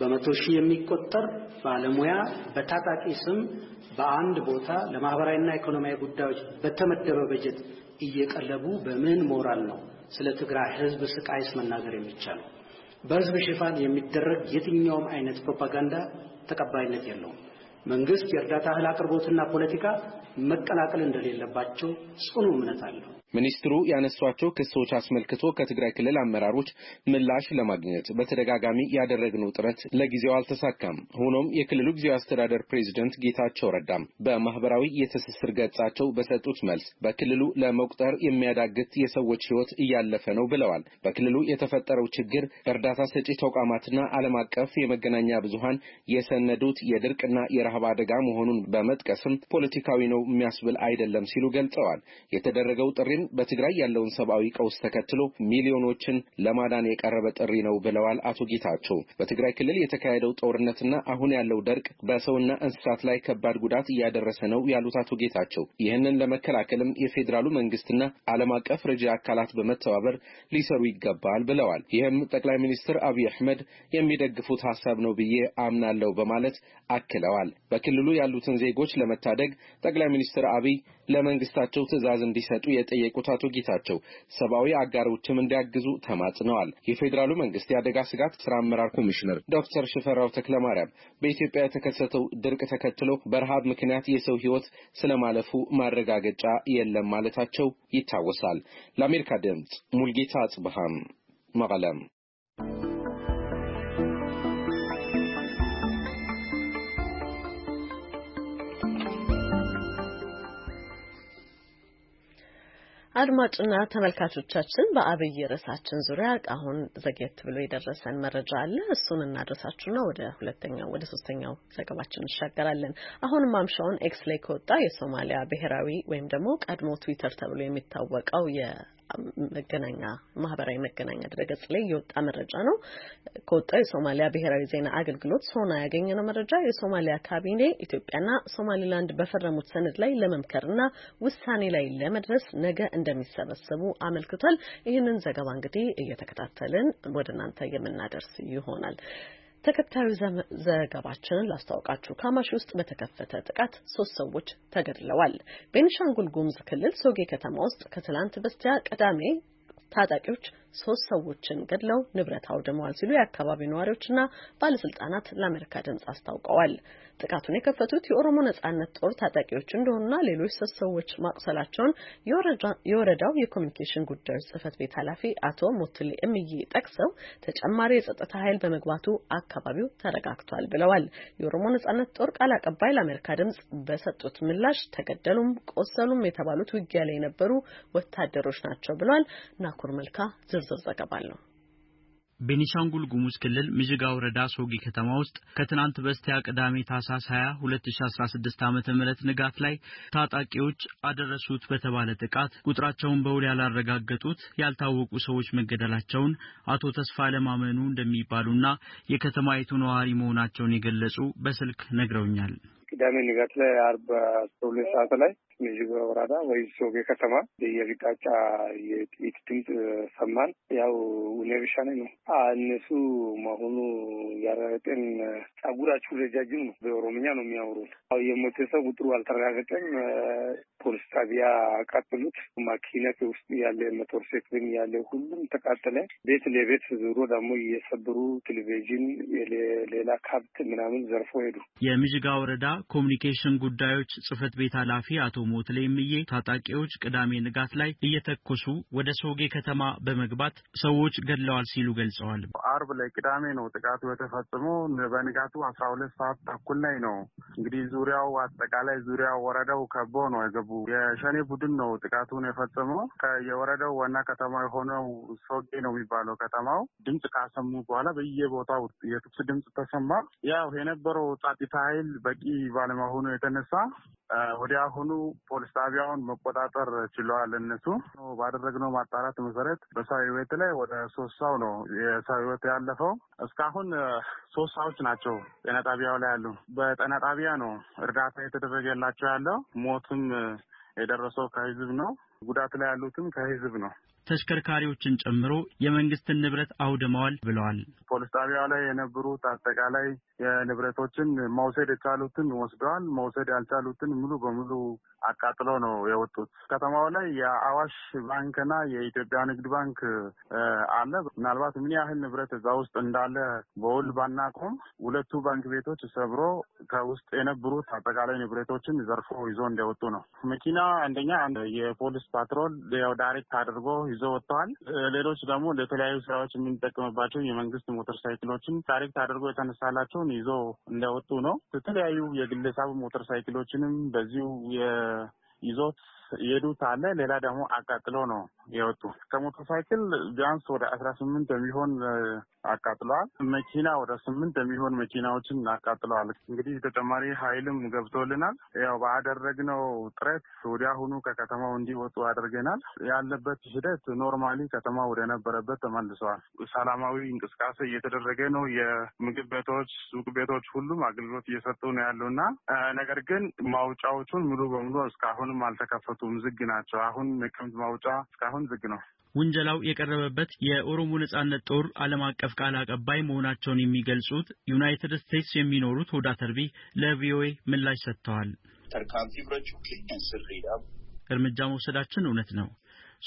H: በመቶ ሺህ የሚቆጠር ባለሙያ በታጣቂ ስም በአንድ ቦታ ለማህበራዊና ኢኮኖሚያዊ ጉዳዮች በተመደበ በጀት እየቀለቡ በምን ሞራል ነው ስለ ትግራይ ህዝብ ስቃይስ መናገር የሚቻለው? በህዝብ ሽፋን የሚደረግ የትኛውም አይነት ፕሮፓጋንዳ ተቀባይነት የለውም። መንግስት የእርዳታ እህል አቅርቦትና ፖለቲካ መቀላቀል እንደሌለባቸው ጽኑ እምነት አለው።
G: ሚኒስትሩ ያነሷቸው ክሶች አስመልክቶ ከትግራይ ክልል አመራሮች ምላሽ ለማግኘት በተደጋጋሚ ያደረግነው ጥረት ለጊዜው አልተሳካም። ሆኖም የክልሉ ጊዜያዊ አስተዳደር ፕሬዚደንት ጌታቸው ረዳም በማህበራዊ የትስስር ገጻቸው በሰጡት መልስ በክልሉ ለመቁጠር የሚያዳግት የሰዎች ሕይወት እያለፈ ነው ብለዋል። በክልሉ የተፈጠረው ችግር እርዳታ ሰጪ ተቋማትና ዓለም አቀፍ የመገናኛ ብዙሃን የሰነዱት የድርቅና የረሃብ አደጋ መሆኑን በመጥቀስም ፖለቲካዊ ነው የሚያስብል አይደለም ሲሉ ገልጸዋል። የተደረገው ጥሪም በትግራይ ያለውን ሰብአዊ ቀውስ ተከትሎ ሚሊዮኖችን ለማዳን የቀረበ ጥሪ ነው ብለዋል አቶ ጌታቸው። በትግራይ ክልል የተካሄደው ጦርነትና አሁን ያለው ደርቅ በሰውና እንስሳት ላይ ከባድ ጉዳት እያደረሰ ነው ያሉት አቶ ጌታቸው ይህንን ለመከላከልም የፌዴራሉ መንግስትና ዓለም አቀፍ ረጂ አካላት በመተባበር ሊሰሩ ይገባል ብለዋል። ይህም ጠቅላይ ሚኒስትር አብይ አህመድ የሚደግፉት ሀሳብ ነው ብዬ አምናለሁ በማለት አክለዋል። በክልሉ ያሉትን ዜጎች ለመታደግ ጠቅላይ ሚኒስትር አብይ ለመንግስታቸው ትዕዛዝ እንዲሰጡ የጠየቁት አቶ ጌታቸው ሰብአዊ አጋሮችም እንዲያግዙ ተማጽነዋል። የፌዴራሉ መንግስት የአደጋ ስጋት ስራ አመራር ኮሚሽነር ዶክተር ሽፈራው ተክለማርያም በኢትዮጵያ የተከሰተው ድርቅ ተከትሎ በረሃብ ምክንያት የሰው ህይወት ስለማለፉ ማረጋገጫ የለም ማለታቸው ይታወሳል። ለአሜሪካ ድምፅ ሙልጌታ አጽብሃም መቀለም
A: አድማጭና ተመልካቾቻችን በአብይ ርዕሳችን ዙሪያ አሁን ዘግየት ብሎ የደረሰን መረጃ አለ። እሱን እናድረሳችሁና ወደ ሁለተኛው ወደ ሶስተኛው ዘገባችን እንሻገራለን። አሁን ማምሻውን ኤክስ ላይ ከወጣ የሶማሊያ ብሔራዊ ወይም ደግሞ ቀድሞ ትዊተር ተብሎ የሚታወቀው መገናኛ ማህበራዊ መገናኛ ድረገጽ ላይ የወጣ መረጃ ነው። ከወጣው የሶማሊያ ብሔራዊ ዜና አገልግሎት ሶና ነው መረጃ የሶማሊያ ካቢኔ ኢትዮጵያና ሶማሊላንድ በፈረሙት ሰነድ ላይ ለመምከርና ውሳኔ ላይ ለመድረስ ነገ እንደሚሰበሰቡ አመልክቷል። ይህንን ዘገባ እንግዲህ እየተከታተልን ወደ እናንተ የምናደርስ ይሆናል። ተከታዩ ዘገባችንን ላስታውቃችሁ። ካማሺ ውስጥ በተከፈተ ጥቃት ሶስት ሰዎች ተገድለዋል። ቤኒሻንጉል ጉሙዝ ክልል ሶጌ ከተማ ውስጥ ከትላንት በስቲያ ቅዳሜ ታጣቂዎች ሶስት ሰዎችን ገድለው ንብረት አውድመዋል ሲሉ የአካባቢው ነዋሪዎችና ባለስልጣናት ለአሜሪካ ድምጽ አስታውቀዋል። ጥቃቱን የከፈቱት የኦሮሞ ነጻነት ጦር ታጣቂዎች እንደሆኑና ሌሎች ሶስት ሰዎች ማቁሰላቸውን የወረዳው የኮሚኒኬሽን ጉዳዮች ጽህፈት ቤት ኃላፊ አቶ ሞትሌ እምዬ ጠቅሰው ተጨማሪ የጸጥታ ኃይል በመግባቱ አካባቢው ተረጋግቷል ብለዋል። የኦሮሞ ነጻነት ጦር ቃል አቀባይ ለአሜሪካ ድምጽ በሰጡት ምላሽ ተገደሉም ቆሰሉም የተባሉት ውጊያ ላይ የነበሩ ወታደሮች ናቸው ብለዋል። ናኩር መልካ ዝርዝር ዝርዝር ዘገባ አለው።
I: ቤኒሻንጉል ጉሙዝ ክልል ምዥጋ ወረዳ ሶጊ ከተማ ውስጥ ከትናንት በስቲያ ቅዳሜ ታህሳስ 20 2016 ዓ ም ንጋት ላይ ታጣቂዎች አደረሱት በተባለ ጥቃት ቁጥራቸውን በውል ያላረጋገጡት ያልታወቁ ሰዎች መገደላቸውን አቶ ተስፋ ለማመኑ እንደሚባሉና የከተማይቱ ነዋሪ መሆናቸውን የገለጹ በስልክ ነግረውኛል።
J: ቅዳሜ ንጋት ላይ አርባ ሰዓት ላይ የዥጎራ ወረዳ ወይ ሶጌ ከተማ የየፊቃጫ የጥይት ድምፅ ሰማን። ያው ኔቪሻኔ ነው እነሱ መሆኑ ያረጋገጠን። ጸጉራችሁ ረጃጅም ነው፣ በኦሮምኛ ነው የሚያወሩት። አሁ የሞተ ሰው ቁጥሩ አልተረጋገጠም። ፖሊስ ጣቢያ አቃጥሉት። ማኪነት ውስጥ ያለ ሞተር ሳይክልም ያለ ሁሉም ተቃጠለ። ቤት ለቤት ዙሮ ደግሞ እየሰብሩ ቴሌቪዥን፣ ሌላ ካብት ምናምን ዘርፎ ሄዱ።
I: የምዥጋ ወረዳ ኮሚኒኬሽን ጉዳዮች ጽህፈት ቤት ኃላፊ አቶ የቆሙት ለምዬ ታጣቂዎች ቅዳሜ ንጋት ላይ እየተኮሱ ወደ ሶጌ ከተማ በመግባት ሰዎች ገድለዋል ሲሉ ገልጸዋል።
J: አርብ ላይ ቅዳሜ ነው ጥቃቱ የተፈጽመው። በንጋቱ አስራ ሁለት ሰዓት ተኩል ላይ ነው እንግዲህ ዙሪያው አጠቃላይ ዙሪያው ወረዳው ከቦ ነው የገቡ የሸኔ ቡድን ነው ጥቃቱን የፈጸመው። የወረዳው ዋና ከተማ የሆነው ሶጌ ነው የሚባለው ከተማው ድምፅ ካሰሙ በኋላ በየቦታው የትኩስ ድምፅ ተሰማ። ያው የነበረው ጸጥታ ኃይል በቂ ባለመሆኑ የተነሳ ወዲያውኑ ፖሊስ ጣቢያውን መቆጣጠር ችለዋል። እነሱ ባደረግነው ማጣራት መሰረት በሰው ህይወት ላይ ወደ ሶስት ሰው ነው የሰው ህይወት ያለፈው። እስካሁን ሶስት ሰዎች ናቸው ጤና ጣቢያው ላይ ያሉ። በጤና ጣቢያ ነው እርዳታ የተደረገላቸው ያለው። ሞትም የደረሰው ከህዝብ ነው። ጉዳት ላይ ያሉትም ከህዝብ ነው።
I: ተሽከርካሪዎችን ጨምሮ የመንግስትን ንብረት አውድመዋል ብለዋል።
J: ፖሊስ ጣቢያ ላይ የነበሩት አጠቃላይ የንብረቶችን መውሰድ የቻሉትን ወስደዋል። መውሰድ ያልቻሉትን ሙሉ በሙሉ አቃጥሎ ነው የወጡት። ከተማው ላይ የአዋሽ ባንክና የኢትዮጵያ ንግድ ባንክ አለ። ምናልባት ምን ያህል ንብረት እዛ ውስጥ እንዳለ በውል ባናቆም ሁለቱ ባንክ ቤቶች ሰብሮ ከውስጥ የነበሩት አጠቃላይ ንብረቶችን ዘርፎ ይዞ እንደወጡ ነው። መኪና አንደኛ የፖሊስ ፓትሮል ዳይሬክት አድርጎ ይዘው ወጥተዋል። ሌሎች ደግሞ ለተለያዩ ስራዎች የምንጠቀምባቸው የመንግስት ሞተር ሳይክሎችን ታሪክ ታደርጎ የተነሳላቸውን ይዞ እንደወጡ ነው። የተለያዩ የግለሰብ ሞተር ሳይክሎችንም በዚሁ የይዞት የዱት አለ። ሌላ ደግሞ አቃጥሎ ነው የወጡ። ከሞቶ ሳይክል ቢያንስ ወደ አስራ ስምንት የሚሆን አቃጥለዋል። መኪና ወደ ስምንት የሚሆን መኪናዎችን አቃጥለዋል። እንግዲህ ተጨማሪ ኃይልም ገብቶልናል። ያው ባደረግነው ጥረት ወዲያውኑ ከከተማው እንዲወጡ አድርገናል። ያለበት ሂደት ኖርማሊ ከተማ ወደ ነበረበት ተመልሰዋል። ሰላማዊ እንቅስቃሴ እየተደረገ ነው። የምግብ ቤቶች፣ ሱቅ ቤቶች ሁሉም አገልግሎት እየሰጡ ነው ያሉና ነገር ግን ማውጫዎቹን ሙሉ በሙሉ እስካሁንም አልተከፈቱ አይከፈቱም፣ ዝግ ናቸው። አሁን ነቀምት ማውጫ እስካሁን ዝግ ነው።
I: ውንጀላው የቀረበበት የኦሮሞ ነጻነት ጦር ዓለም አቀፍ ቃል አቀባይ መሆናቸውን የሚገልጹት ዩናይትድ ስቴትስ የሚኖሩት ሆዳ ተርቢ ለቪኦኤ ምላሽ ሰጥተዋል። እርምጃ መውሰዳችን እውነት ነው።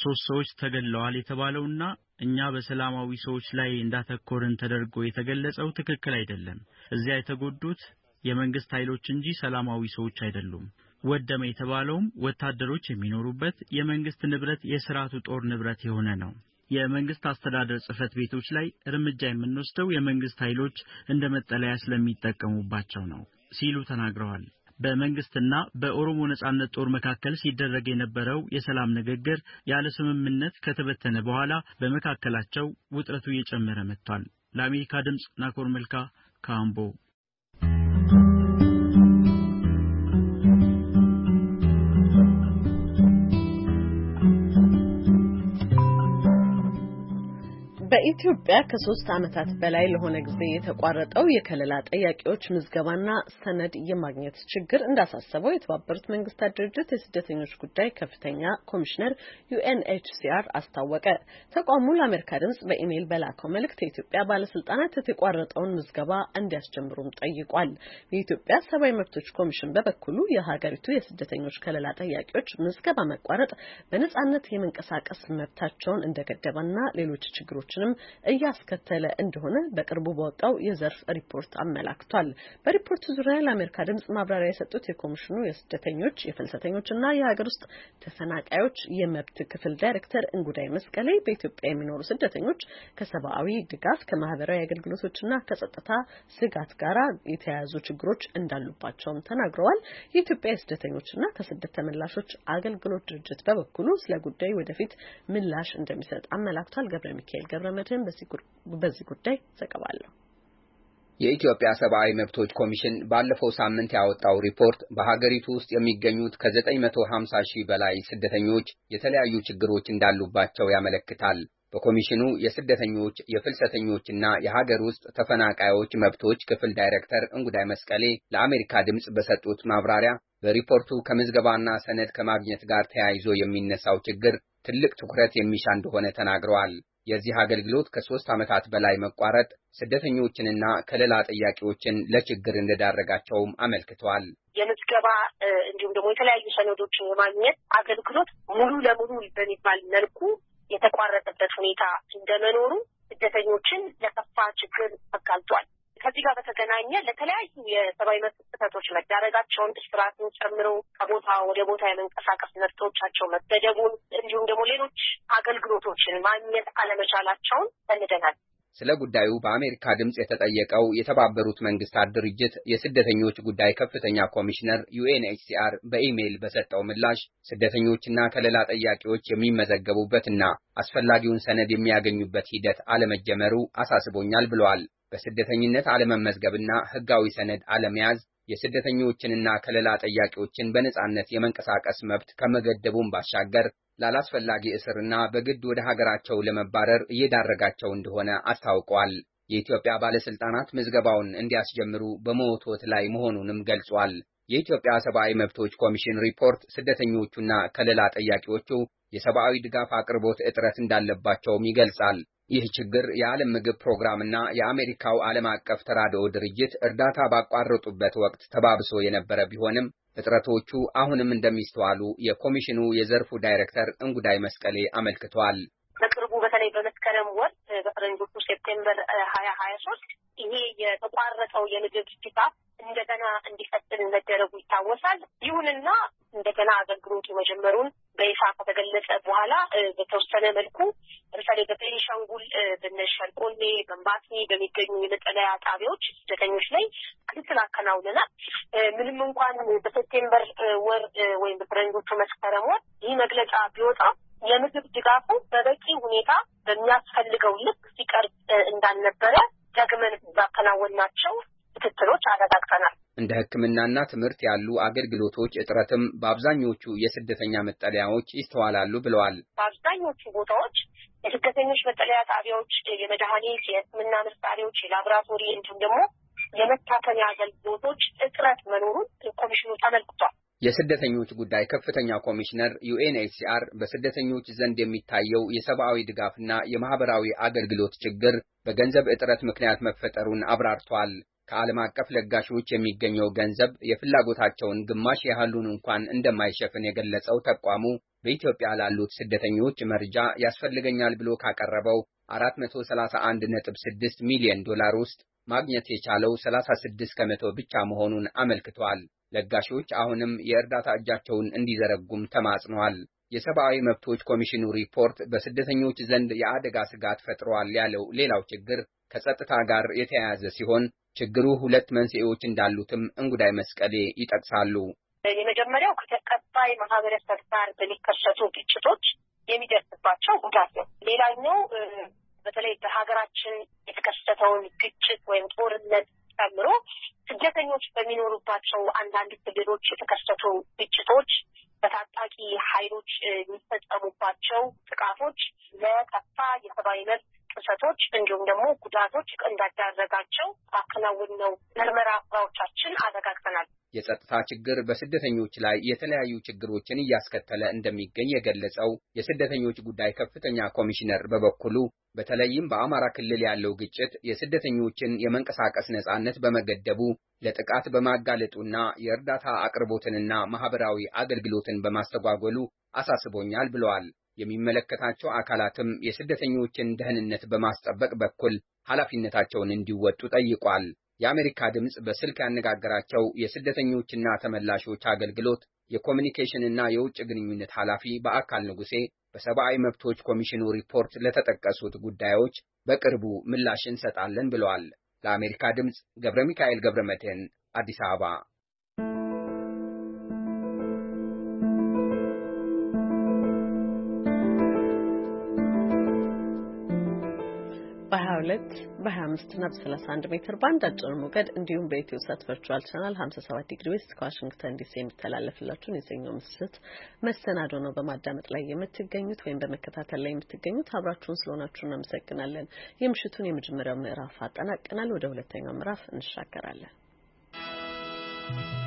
I: ሶስት ሰዎች ተገድለዋል የተባለውና እኛ በሰላማዊ ሰዎች ላይ እንዳተኮርን ተደርጎ የተገለጸው ትክክል አይደለም። እዚያ የተጎዱት የመንግስት ኃይሎች እንጂ ሰላማዊ ሰዎች አይደሉም። ወደመ የተባለውም ወታደሮች የሚኖሩበት የመንግስት ንብረት የስርዓቱ ጦር ንብረት የሆነ ነው። የመንግስት አስተዳደር ጽህፈት ቤቶች ላይ እርምጃ የምንወስደው የመንግስት ኃይሎች እንደ መጠለያ ስለሚጠቀሙባቸው ነው ሲሉ ተናግረዋል። በመንግስትና በኦሮሞ ነጻነት ጦር መካከል ሲደረግ የነበረው የሰላም ንግግር ያለ ስምምነት ከተበተነ በኋላ በመካከላቸው ውጥረቱ እየጨመረ መጥቷል። ለአሜሪካ ድምፅ ናኮር መልካ ካምቦ
A: በኢትዮጵያ ከሶስት ዓመታት በላይ ለሆነ ጊዜ የተቋረጠው የከለላ ጠያቂዎች ምዝገባና ሰነድ የማግኘት ችግር እንዳሳሰበው የተባበሩት መንግስታት ድርጅት የስደተኞች ጉዳይ ከፍተኛ ኮሚሽነር ዩኤንኤችሲአር አስታወቀ። ተቋሙ ለአሜሪካ ድምጽ በኢሜይል በላከው መልእክት የኢትዮጵያ ባለስልጣናት የተቋረጠውን ምዝገባ እንዲያስጀምሩም ጠይቋል። የኢትዮጵያ ሰብአዊ መብቶች ኮሚሽን በበኩሉ የሀገሪቱ የስደተኞች ከለላ ጠያቂዎች ምዝገባ መቋረጥ በነጻነት የመንቀሳቀስ መብታቸውን እንደገደበና ሌሎች ችግሮችንም ችግሮችንም እያስከተለ እንደሆነ በቅርቡ በወጣው የዘርፍ ሪፖርት አመላክቷል። በሪፖርቱ ዙሪያ ለአሜሪካ ድምጽ ማብራሪያ የሰጡት የኮሚሽኑ የስደተኞች የፍልሰተኞችና የሀገር ውስጥ ተፈናቃዮች የመብት ክፍል ዳይሬክተር እንጉዳይ መስቀሌ በኢትዮጵያ የሚኖሩ ስደተኞች ከሰብአዊ ድጋፍ ከማህበራዊ አገልግሎቶችና ከጸጥታ ስጋት ጋር የተያያዙ ችግሮች እንዳሉባቸውም ተናግረዋል። የኢትዮጵያ የስደተኞችና ከስደት ተመላሾች አገልግሎት ድርጅት በበኩሉ ስለ ጉዳዩ ወደፊት ምላሽ እንደሚሰጥ አመላክቷል። ገብረ ሚካኤል ገብረ መድህን በዚህ ጉዳይ ዘገባለሁ።
E: የኢትዮጵያ ሰብአዊ መብቶች ኮሚሽን ባለፈው ሳምንት ያወጣው ሪፖርት በሀገሪቱ ውስጥ የሚገኙት ከ950 ሺህ በላይ ስደተኞች የተለያዩ ችግሮች እንዳሉባቸው ያመለክታል። በኮሚሽኑ የስደተኞች የፍልሰተኞችና የሀገር ውስጥ ተፈናቃዮች መብቶች ክፍል ዳይሬክተር እንጉዳይ መስቀሌ ለአሜሪካ ድምፅ በሰጡት ማብራሪያ በሪፖርቱ ከምዝገባና ሰነድ ከማግኘት ጋር ተያይዞ የሚነሳው ችግር ትልቅ ትኩረት የሚሻ እንደሆነ ተናግረዋል። የዚህ አገልግሎት ከሶስት ዓመታት በላይ መቋረጥ ስደተኞችንና ከለላ ጠያቂዎችን ለችግር እንደዳረጋቸውም አመልክተዋል።
K: የምዝገባ እንዲሁም ደግሞ የተለያዩ ሰነዶችን የማግኘት አገልግሎት ሙሉ ለሙሉ በሚባል መልኩ የተቋረጠበት ሁኔታ እንደመኖሩ ስደተኞችን ለከፋ ችግር አጋልጧል። ከዚህ ጋር በተገናኘ ለተለያዩ የሰብአዊ መብት ጥሰቶች መዳረጋቸውን ስርዓትን ጨምሮ ከቦታ ወደ ቦታ የመንቀሳቀስ መብቶቻቸው መገደቡን እንዲሁም ደግሞ ሌሎች አገልግሎቶችን ማግኘት አለመቻላቸውን ሰንደናል።
E: ስለ ጉዳዩ በአሜሪካ ድምፅ የተጠየቀው የተባበሩት መንግስታት ድርጅት የስደተኞች ጉዳይ ከፍተኛ ኮሚሽነር ዩኤንኤችሲአር በኢሜይል በሰጠው ምላሽ ስደተኞችና ከለላ ጠያቂዎች የሚመዘገቡበትና አስፈላጊውን ሰነድ የሚያገኙበት ሂደት አለመጀመሩ አሳስቦኛል ብለዋል። በስደተኝነት አለመመዝገብና ሕጋዊ ሰነድ አለመያዝ የስደተኞችንና ከለላ ጠያቂዎችን በነጻነት የመንቀሳቀስ መብት ከመገደቡም ባሻገር ላላስፈላጊ እስርና በግድ ወደ ሀገራቸው ለመባረር እየዳረጋቸው እንደሆነ አስታውቋል። የኢትዮጵያ ባለስልጣናት ምዝገባውን እንዲያስጀምሩ በመወትወት ላይ መሆኑንም ገልጿል። የኢትዮጵያ ሰብአዊ መብቶች ኮሚሽን ሪፖርት ስደተኞቹና ከለላ ጠያቂዎቹ የሰብአዊ ድጋፍ አቅርቦት እጥረት እንዳለባቸውም ይገልጻል። ይህ ችግር የዓለም ምግብ ፕሮግራምና የአሜሪካው ዓለም አቀፍ ተራድኦ ድርጅት እርዳታ ባቋረጡበት ወቅት ተባብሶ የነበረ ቢሆንም እጥረቶቹ አሁንም እንደሚስተዋሉ የኮሚሽኑ የዘርፉ ዳይሬክተር እንጉዳይ መስቀሌ አመልክቷል።
K: በቅርቡ በተለይ በመስከረም ወር በፈረንጆቹ ሴፕቴምበር ሀያ ሀያ ሶስት ይሄ የተቋረጠው የምግብ ድጋፍ እንደገና እንዲቀጥል መደረጉ ይታወሳል። ይሁንና እንደገና አገልግሎቱ መጀመሩን በይፋ ከተገለጸ በኋላ በተወሰነ መልኩ ለምሳሌ በቤኒሻንጉል በነሸልቆሌ በንባትኒ በሚገኙ የመጠለያ ጣቢያዎች ስደተኞች ላይ ክትትል አከናውነናል። ምንም እንኳን በሴፕቴምበር ወር ወይም በፈረንጆቹ መስከረም ወር ይህ መግለጫ ቢወጣ የምግብ ድጋፉ በበቂ ሁኔታ በሚያስፈልገው ልክ ሲቀርብ እንዳልነበረ ደግመን ባከናወናቸው ክትትሎች አረጋግጠናል።
E: እንደ ሕክምናና ትምህርት ያሉ አገልግሎቶች እጥረትም በአብዛኞቹ የስደተኛ መጠለያዎች ይስተዋላሉ ብለዋል።
K: በአብዛኞቹ ቦታዎች የስደተኞች መጠለያ ጣቢያዎች የመድኃኒት፣ የህክምና ምርጣሪዎች፣ የላቦራቶሪ እንዲሁም ደግሞ የመታከሚያ አገልግሎቶች እጥረት መኖሩን ኮሚሽኑ ተመልክቷል።
E: የስደተኞች ጉዳይ ከፍተኛ ኮሚሽነር ዩኤንኤችሲአር በስደተኞች ዘንድ የሚታየው የሰብአዊ ድጋፍና የማህበራዊ አገልግሎት ችግር በገንዘብ እጥረት ምክንያት መፈጠሩን አብራርቷል። ከዓለም አቀፍ ለጋሾች የሚገኘው ገንዘብ የፍላጎታቸውን ግማሽ ያህሉን እንኳን እንደማይሸፍን የገለጸው ተቋሙ በኢትዮጵያ ላሉት ስደተኞች መርጃ ያስፈልገኛል ብሎ ካቀረበው 431.6 ሚሊዮን ዶላር ውስጥ ማግኘት የቻለው 36 ከመቶ ብቻ መሆኑን አመልክቷል። ለጋሾች አሁንም የእርዳታ እጃቸውን እንዲዘረጉም ተማጽኗል። የሰብአዊ መብቶች ኮሚሽኑ ሪፖርት በስደተኞች ዘንድ የአደጋ ስጋት ፈጥሯል ያለው ሌላው ችግር ከጸጥታ ጋር የተያያዘ ሲሆን ችግሩ ሁለት መንስኤዎች እንዳሉትም እንጉዳይ መስቀሌ ይጠቅሳሉ።
K: የመጀመሪያው ከተቀባይ ማህበረሰብ ጋር በሚከሰቱ ግጭቶች የሚደርስባቸው ጉዳት ነው። ሌላኛው በተለይ በሀገራችን የተከሰተውን ግጭት ወይም ጦርነት ጨምሮ ስደተኞች በሚኖሩባቸው አንዳንድ ክልሎች የተከሰቱ ግጭቶች፣ በታጣቂ ኃይሎች የሚፈጸሙባቸው ጥቃቶች ለከፋ የሰብአዊ መብት ጥሰቶች እንዲሁም ደግሞ ጉዳቶች እንዳዳረጋቸው አከናውን ነው ምርመራ ስራዎቻችን አረጋግጠናል።
E: የጸጥታ ችግር በስደተኞች ላይ የተለያዩ ችግሮችን እያስከተለ እንደሚገኝ የገለጸው የስደተኞች ጉዳይ ከፍተኛ ኮሚሽነር በበኩሉ በተለይም በአማራ ክልል ያለው ግጭት የስደተኞችን የመንቀሳቀስ ነጻነት በመገደቡ ለጥቃት በማጋለጡና የእርዳታ አቅርቦትንና ማህበራዊ አገልግሎትን በማስተጓጎሉ አሳስቦኛል ብለዋል። የሚመለከታቸው አካላትም የስደተኞችን ደህንነት በማስጠበቅ በኩል ኃላፊነታቸውን እንዲወጡ ጠይቋል። የአሜሪካ ድምፅ በስልክ ያነጋገራቸው የስደተኞችና ተመላሾች አገልግሎት የኮሚኒኬሽንና የውጭ ግንኙነት ኃላፊ በአካል ንጉሴ በሰብአዊ መብቶች ኮሚሽኑ ሪፖርት ለተጠቀሱት ጉዳዮች በቅርቡ ምላሽ እንሰጣለን ብለዋል። ለአሜሪካ ድምፅ ገብረ ሚካኤል ገብረ መድህን አዲስ አበባ
A: በ በ25 እና በ31 ሜትር ባንድ አጭር ሞገድ እንዲሁም በኢትዮ ሳት ቨርቹዋል ቻናል 57 ዲግሪ ዌስት ከዋሽንግተን ዲሲ የሚተላለፍላችሁን የሰኞ ምስት መሰናዶ ነው በማዳመጥ ላይ የምትገኙት ወይም በመከታተል ላይ የምትገኙት። አብራችሁን ስለሆናችሁ እናመሰግናለን። የምሽቱን የመጀመሪያው ምዕራፍ አጠናቀናል። ወደ ሁለተኛው ምዕራፍ እንሻገራለን። Thank you.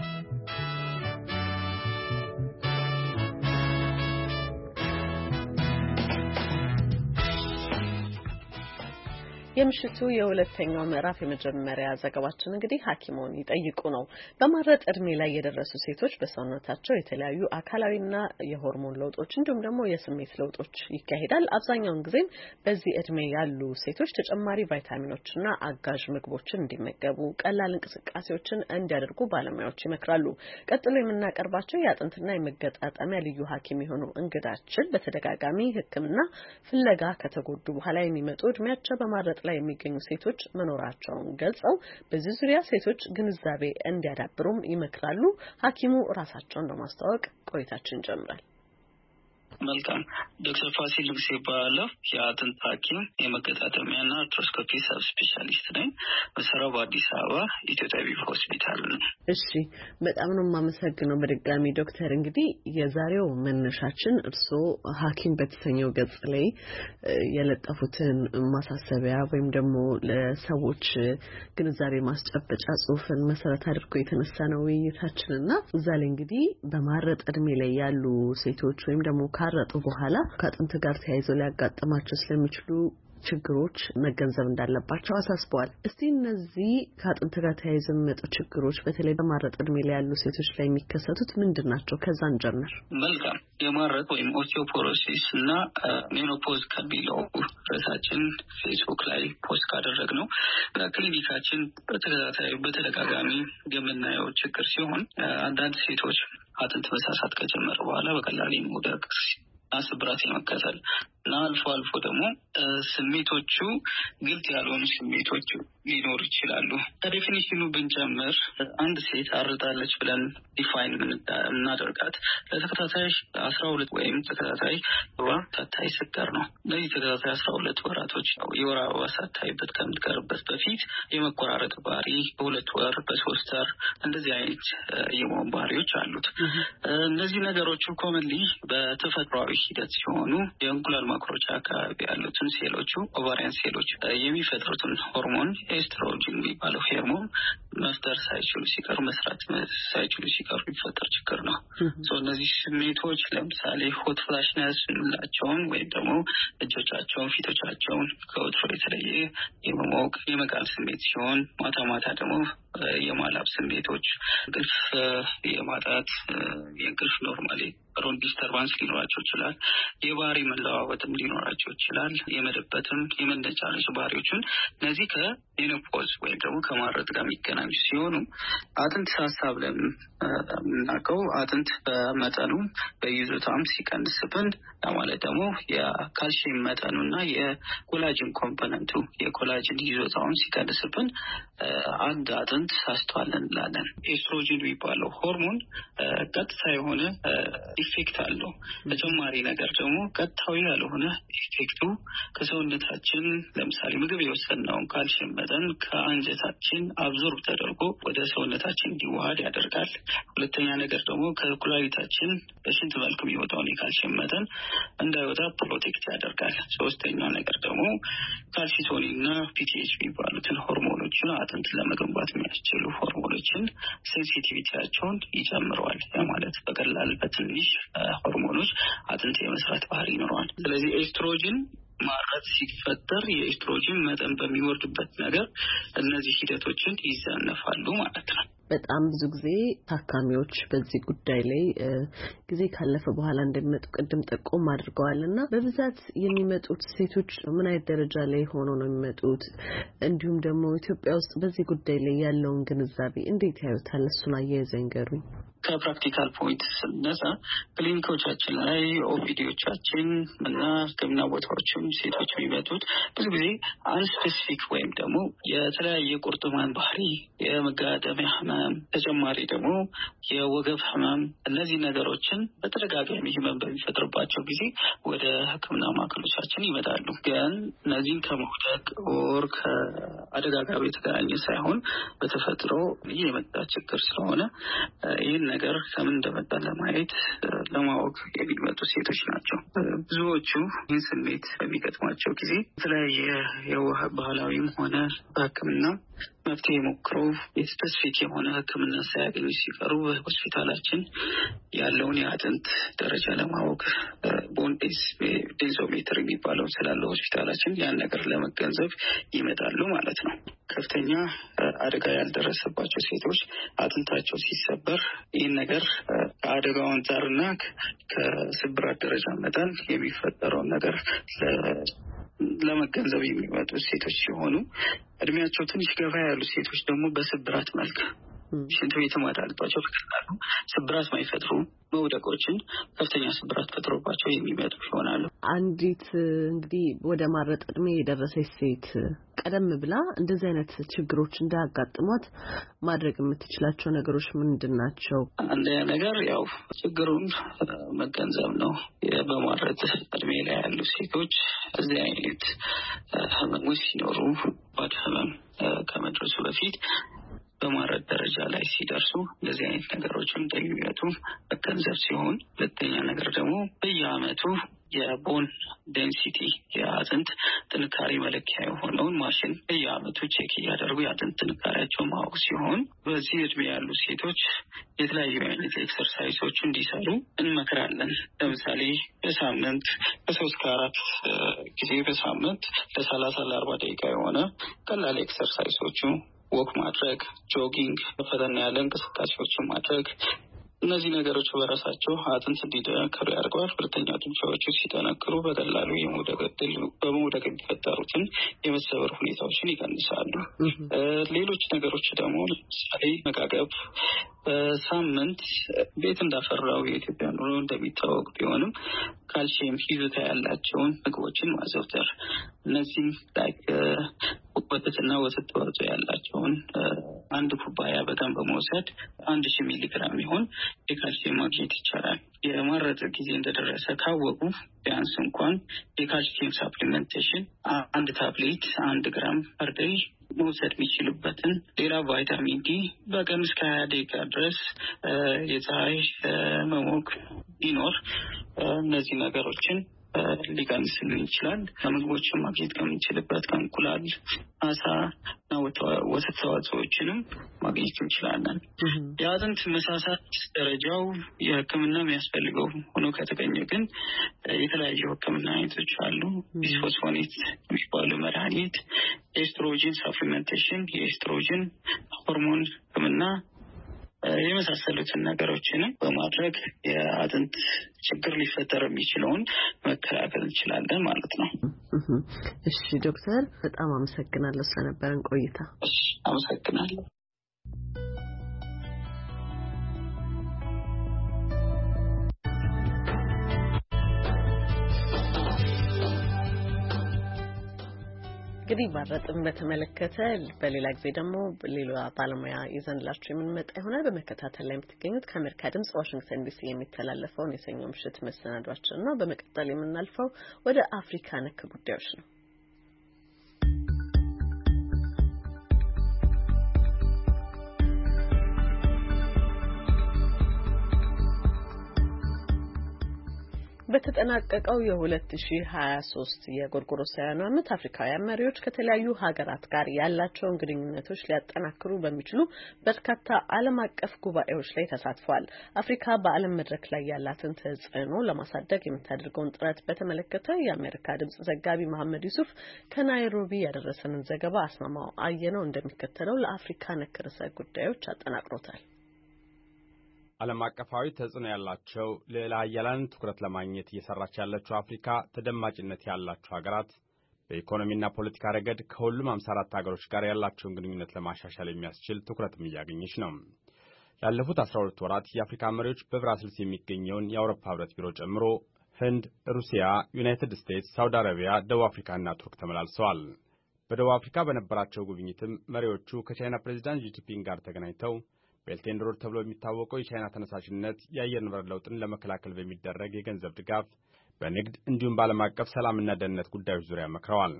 A: የምሽቱ የሁለተኛው ምዕራፍ የመጀመሪያ ዘገባችን እንግዲህ ሐኪሞን ይጠይቁ ነው። በማረጥ እድሜ ላይ የደረሱ ሴቶች በሰውነታቸው የተለያዩ አካላዊና የሆርሞን ለውጦች እንዲሁም ደግሞ የስሜት ለውጦች ይካሄዳል። አብዛኛውን ጊዜም በዚህ እድሜ ያሉ ሴቶች ተጨማሪ ቫይታሚኖችና አጋዥ ምግቦችን እንዲመገቡ፣ ቀላል እንቅስቃሴዎችን እንዲያደርጉ ባለሙያዎች ይመክራሉ። ቀጥሎ የምናቀርባቸው የአጥንትና የመገጣጠሚያ ልዩ ሐኪም የሆኑ እንግዳችን በተደጋጋሚ ሕክምና ፍለጋ ከተጎዱ በኋላ የሚመጡ እድሜያቸው በማረጥ ላይ የሚገኙ ሴቶች መኖራቸውን ገልጸው በዚህ ዙሪያ ሴቶች ግንዛቤ እንዲያዳብሩም ይመክራሉ። ሐኪሙ ራሳቸውን በማስተዋወቅ ቆይታችን ይጀምራል።
L: መልካም። ዶክተር ፋሲል ንጉሴ ይባላለሁ። የአጥንት ሐኪም የመገጣጠሚያና አርትሮስኮፒ ሰብ ስፔሻሊስት ነኝ። መሰራው በአዲስ አበባ ኢትዮጵያ ጠቢብ ሆስፒታል ነው።
A: እሺ፣ በጣም ነው የማመሰግነው በድጋሚ ዶክተር። እንግዲህ የዛሬው መነሻችን እርስዎ ሀኪም በተሰኘው ገጽ ላይ የለጠፉትን ማሳሰቢያ ወይም ደግሞ ለሰዎች ግንዛቤ ማስጨበጫ ጽሁፍን መሰረት አድርጎ የተነሳ ነው ውይይታችን እና እዛ ላይ እንግዲህ በማረጥ እድሜ ላይ ያሉ ሴቶች ወይም ደግሞ ከተመራረጡ በኋላ ከአጥንት ጋር ተያይዘው ሊያጋጥማቸው ስለሚችሉ ችግሮች መገንዘብ እንዳለባቸው አሳስበዋል። እስቲ እነዚህ ከአጥንት ጋር ተያይዘ የሚመጡ ችግሮች በተለይ በማረጥ እድሜ ላይ ያሉ ሴቶች ላይ የሚከሰቱት ምንድን ናቸው? ከዛ እንጀምር።
L: መልካም። የማረጥ ወይም ኦስቲዮፖሮሲስ እና ሜኖፖዝ ከሚለው ርዕሳችን ፌስቡክ ላይ ፖስት ካደረግ ነው በክሊኒካችን በተከታታይ በተደጋጋሚ የምናየው ችግር ሲሆን አንዳንድ ሴቶች አጥንት መሳሳት ከጀመረ በኋላ በቀላል የመውደቅ ስብራት የመከተል እና አልፎ አልፎ ደግሞ ስሜቶቹ ግልጽ ያልሆኑ ስሜቶች ሊኖሩ ይችላሉ። ከዴፊኒሽኑ ብንጀምር አንድ ሴት አርጣለች ብለን ዲፋይን የምናደርጋት ለተከታታይ አስራ ሁለት ወይም ተከታታይ ወር ሳታይ ስትቀር ነው። እነዚህ ተከታታይ አስራ ሁለት ወራቶች የወር አበባ ሳታይበት ከምትቀርበት በፊት የመቆራረጥ ባህሪ በሁለት ወር፣ በሶስት ወር እንደዚህ አይነት የመሆን ባህሪዎች አሉት። እነዚህ ነገሮቹ ኮመንሊ በተፈጥሯዊ ሂደት ሲሆኑ የእንቁላል መኩሮቻ አካባቢ ያሉትን ሴሎቹ ኦቫሪያን ሴሎች የሚፈጥሩትን ሆርሞን ኤስትሮጂን የሚባለው ሄርሞን መፍጠር ሳይችሉ ሲቀሩ መስራት ሳይችሉ ሲቀሩ የሚፈጠር ችግር ነው። እነዚህ ስሜቶች ለምሳሌ ሆት ፍላሽነስ የምንላቸውን ወይም ደግሞ እጆቻቸውን፣ ፊቶቻቸውን ከወትሮ የተለየ የመሞቅ የመቃል ስሜት ሲሆን ማታ ማታ ደግሞ የማላብ ስሜቶች፣ እንቅልፍ የማጣት የእንቅልፍ ኖርማሊ ሮን ዲስተርባንስ ሊኖራቸው ይችላል። የባህሪ መለዋወጥም ሊኖራቸው ይችላል። የመደበትም የመነጫነጭ ባህሪዎችን እነዚህ ከሜኖፖዝ ወይም ደግሞ ከማረጥ ጋር የሚገናኙ ሲሆኑ አጥንት ሳሳብ ላይ አጥንት በመጠኑ በይዞታም ሲቀንስብን ማለት ደግሞ የካልሽየም መጠኑና የኮላጅን ኮምፖነንቱ የኮላጅን ይዞታውን ሲቀንስብን አንድ አጥንት ሆርሞን ተሳስተዋል እንላለን። ኤስትሮጂን የሚባለው ሆርሞን ቀጥታ የሆነ ኢፌክት አለው። ተጨማሪ ነገር ደግሞ ቀጥታዊ ያልሆነ ኢፌክቱ ከሰውነታችን ለምሳሌ ምግብ የወሰድነውን ካልሽየም መጠን ከአንጀታችን አብዞርብ ተደርጎ ወደ ሰውነታችን እንዲዋሃድ ያደርጋል። ሁለተኛ ነገር ደግሞ ከኩላሊታችን በሽንት መልክ የሚወጣውን የካልሽየም መጠን እንዳይወጣ ፕሮቴክት ያደርጋል። ሶስተኛ ነገር ደግሞ ካልሲቶኒ እና ፒቲኤች የሚባሉትን ሆርሞኖችን አጥንት ለመገንባት የሚያስችሉ ሆርሞኖችን ሴንሲቲቪቲያቸውን ይጨምረዋል። ያ ማለት በቀላል በትንሽ ሆርሞኖች አጥንት የመስራት ባህሪ ይኖረዋል። ስለዚህ ኤስትሮጅን ማረት ሲፈጠር የኤስትሮጂን መጠን በሚወርድበት ነገር እነዚህ ሂደቶችን ይዛነፋሉ ማለት ነው። በጣም
A: ብዙ ጊዜ ታካሚዎች በዚህ ጉዳይ ላይ ጊዜ ካለፈ በኋላ እንደሚመጡ ቅድም ጠቆም አድርገዋል እና በብዛት የሚመጡት ሴቶች ምን አይነት ደረጃ ላይ ሆኖ ነው የሚመጡት? እንዲሁም ደግሞ ኢትዮጵያ ውስጥ በዚህ ጉዳይ ላይ ያለውን ግንዛቤ እንዴት ያዩታል? እሱን አያይዘ ይንገሩኝ።
L: ከፕራክቲካል ፖይንት ስነሳ ክሊኒኮቻችን ላይ ኦፒዲዎቻችን እና ሕክምና ቦታዎችም ሴቶች የሚመጡት ብዙ ጊዜ አንስፔሲፊክ ወይም ደግሞ የተለያየ ቁርጥማን ባህሪ የመጋጠሚያ ህመም፣ ተጨማሪ ደግሞ የወገብ ህመም፣ እነዚህ ነገሮችን በተደጋጋሚ ህመም በሚፈጥርባቸው ጊዜ ወደ ህክምና ማዕከሎቻችን ይመጣሉ። ግን እነዚህን ከመውደቅ ወር ከአደጋ ጋር የተገናኘ ሳይሆን በተፈጥሮ የመጣ ችግር ስለሆነ ይህን ነገር ከምን እንደመጣ ለማየት ለማወቅ የሚመጡ ሴቶች ናቸው። ብዙዎቹ ይህን ስሜት በሚገጥማቸው ጊዜ የተለያየ ባህላዊም ሆነ በህክምና መፍትሄ ሞክረው ስፔሲፊክ የሆነ ሕክምና ሳያገኙ ሲቀሩ በሆስፒታላችን ያለውን የአጥንት ደረጃ ለማወቅ ቦን ዴንሶሜትር የሚባለው ስላለ ሆስፒታላችን ያን ነገር ለመገንዘብ ይመጣሉ ማለት ነው። ከፍተኛ አደጋ ያልደረሰባቸው ሴቶች አጥንታቸው ሲሰበር ይህን ነገር ከአደጋው አንጻርና ከስብራት ደረጃ መጠን የሚፈጠረውን ነገር ለመገንዘብ የሚመጡ ሴቶች ሲሆኑ እድሜያቸው ትንሽ ገፋ ያሉ ሴቶች ደግሞ በስብራት መልክ ሽንት ቤት ማዳልባቸው በቀላሉ ስብራት ማይፈጥሩ መውደቆችን ከፍተኛ ስብራት ፈጥሮባቸው የሚመጡ
A: ይሆናሉ። አንዲት እንግዲህ ወደ ማረጥ እድሜ የደረሰች ሴት ቀደም ብላ እንደዚህ አይነት ችግሮች እንዳያጋጥሟት ማድረግ የምትችላቸው ነገሮች ምንድን ናቸው?
L: አንድ ነገር ያው ችግሩን መገንዘብ ነው። በማረጥ እድሜ ላይ ያሉ ሴቶች እዚህ አይነት ህመሞች ሲኖሩ ባድ ህመም ከመድረሱ በፊት በማረድ ደረጃ ላይ ሲደርሱ እንደዚህ አይነት ነገሮችን እንደሚመጡ መገንዘብ ሲሆን፣ ሁለተኛ ነገር ደግሞ በየአመቱ የቦን ዴንሲቲ የአጥንት ጥንካሬ መለኪያ የሆነውን ማሽን በየአመቱ ቼክ እያደረጉ የአጥንት ጥንካሬያቸው ማወቅ ሲሆን በዚህ እድሜ ያሉ ሴቶች የተለያዩ አይነት ኤክሰርሳይሶች እንዲሰሩ እንመክራለን። ለምሳሌ በሳምንት ከሶስት ከአራት ጊዜ በሳምንት ለሰላሳ ለአርባ ደቂቃ የሆነ ቀላል ኤክሰርሳይሶቹ ወክ ማድረግ፣ ጆጊንግ፣ ፈተና ያለ እንቅስቃሴዎችን ማድረግ እነዚህ ነገሮች በራሳቸው አጥንት እንዲጠነክሩ ያደርገዋል። ሁለተኛ ጡንቻዎቹ ሲጠነክሩ በቀላሉ በመውደቅ የሚፈጠሩትን የመሰበር ሁኔታዎችን ይቀንሳሉ። ሌሎች ነገሮች ደግሞ ለምሳሌ መጋገብ በሳምንት ቤት እንዳፈራው የኢትዮጵያ ኑሮ እንደሚታወቅ ቢሆንም ካልሽየም ይዞታ ያላቸውን ምግቦችን ማዘውተር እነዚህም ላይ ወተትና ወተት ተዋጽኦ ያላቸውን አንድ ኩባያ በጣም በመውሰድ አንድ ሺህ ሚሊግራም ይሆን የካልሲየም ማግኘት ይቻላል። የማረጥ ጊዜ እንደደረሰ ካወቁ ቢያንስ እንኳን የካልሽየም ሳፕሊመንቴሽን አንድ ታብሌት አንድ ግራም ፐርደይ መውሰድ የሚችሉበትን ሌላ ቫይታሚን ዲ በቀን እስከ ሀያ ደቂቃ ድረስ የፀሐይ መሞቅ ቢኖር እነዚህ ነገሮችን ሊቀንስልን ይችላል። ከምግቦችን ማግኘት ከምንችልበት ከእንቁላል፣ አሳ እና ወተት ተዋጽኦችንም ማግኘት እንችላለን። የአጥንት መሳሳት ደረጃው የሕክምና የሚያስፈልገው ሆኖ ከተገኘ ግን የተለያዩ ሕክምና አይነቶች አሉ። ቢስፎስፎኔት የሚባሉ መድኃኒት፣ ኤስትሮጂን ሳፕሊመንቴሽን፣ የኤስትሮጂን ሆርሞን ሕክምና የመሳሰሉትን ነገሮችን በማድረግ የአጥንት ችግር ሊፈጠር የሚችለውን መከላከል እንችላለን ማለት ነው።
A: እሺ ዶክተር፣ በጣም አመሰግናለሁ ስለነበረን ቆይታ። አመሰግናለሁ። እንግዲህ ባረጥን በተመለከተ በሌላ ጊዜ ደግሞ ሌላ ባለሙያ ይዘንላችሁ የምንመጣ ይሆናል። በመከታተል ላይ የምትገኙት ከአሜሪካ ድምጽ ዋሽንግተን ዲሲ የሚተላለፈውን የሰኞ ምሽት መሰናዷችን ነው። በመቀጠል የምናልፈው ወደ አፍሪካ ነክ ጉዳዮች ነው። በተጠናቀቀው የ2023 የጎርጎሮሳውያኑ ዓመት አፍሪካውያን መሪዎች ከተለያዩ ሀገራት ጋር ያላቸውን ግንኙነቶች ሊያጠናክሩ በሚችሉ በርካታ ዓለም አቀፍ ጉባኤዎች ላይ ተሳትፏል። አፍሪካ በዓለም መድረክ ላይ ያላትን ተጽዕኖ ለማሳደግ የምታደርገውን ጥረት በተመለከተ የአሜሪካ ድምጽ ዘጋቢ መሐመድ ዩሱፍ ከናይሮቢ ያደረሰንን ዘገባ አስማማው አየነው እንደሚከተለው ለአፍሪካ ነክ ርዕሰ ጉዳዮች አጠናቅሮታል።
M: ዓለም አቀፋዊ ተጽዕኖ ያላቸው ልዕለ አያላን ትኩረት ለማግኘት እየሠራች ያለችው አፍሪካ ተደማጭነት ያላቸው ሀገራት በኢኮኖሚና ፖለቲካ ረገድ ከሁሉም አምሳ አራት ሀገሮች ጋር ያላቸውን ግንኙነት ለማሻሻል የሚያስችል ትኩረትም እያገኘች ነው። ላለፉት አስራ ሁለት ወራት የአፍሪካ መሪዎች በብራስልስ የሚገኘውን የአውሮፓ ህብረት ቢሮ ጨምሮ ህንድ፣ ሩሲያ፣ ዩናይትድ ስቴትስ፣ ሳውዲ አረቢያ፣ ደቡብ አፍሪካና ቱርክ ተመላልሰዋል። በደቡብ አፍሪካ በነበራቸው ጉብኝትም መሪዎቹ ከቻይና ፕሬዚዳንት ዢጂንፒንግ ጋር ተገናኝተው ቤልቴንሮድ ተብሎ የሚታወቀው የቻይና ተነሳሽነት የአየር ንብረት ለውጥን ለመከላከል በሚደረግ የገንዘብ ድጋፍ፣ በንግድ እንዲሁም በዓለም አቀፍ ሰላምና ደህንነት ጉዳዮች ዙሪያ መክረዋል።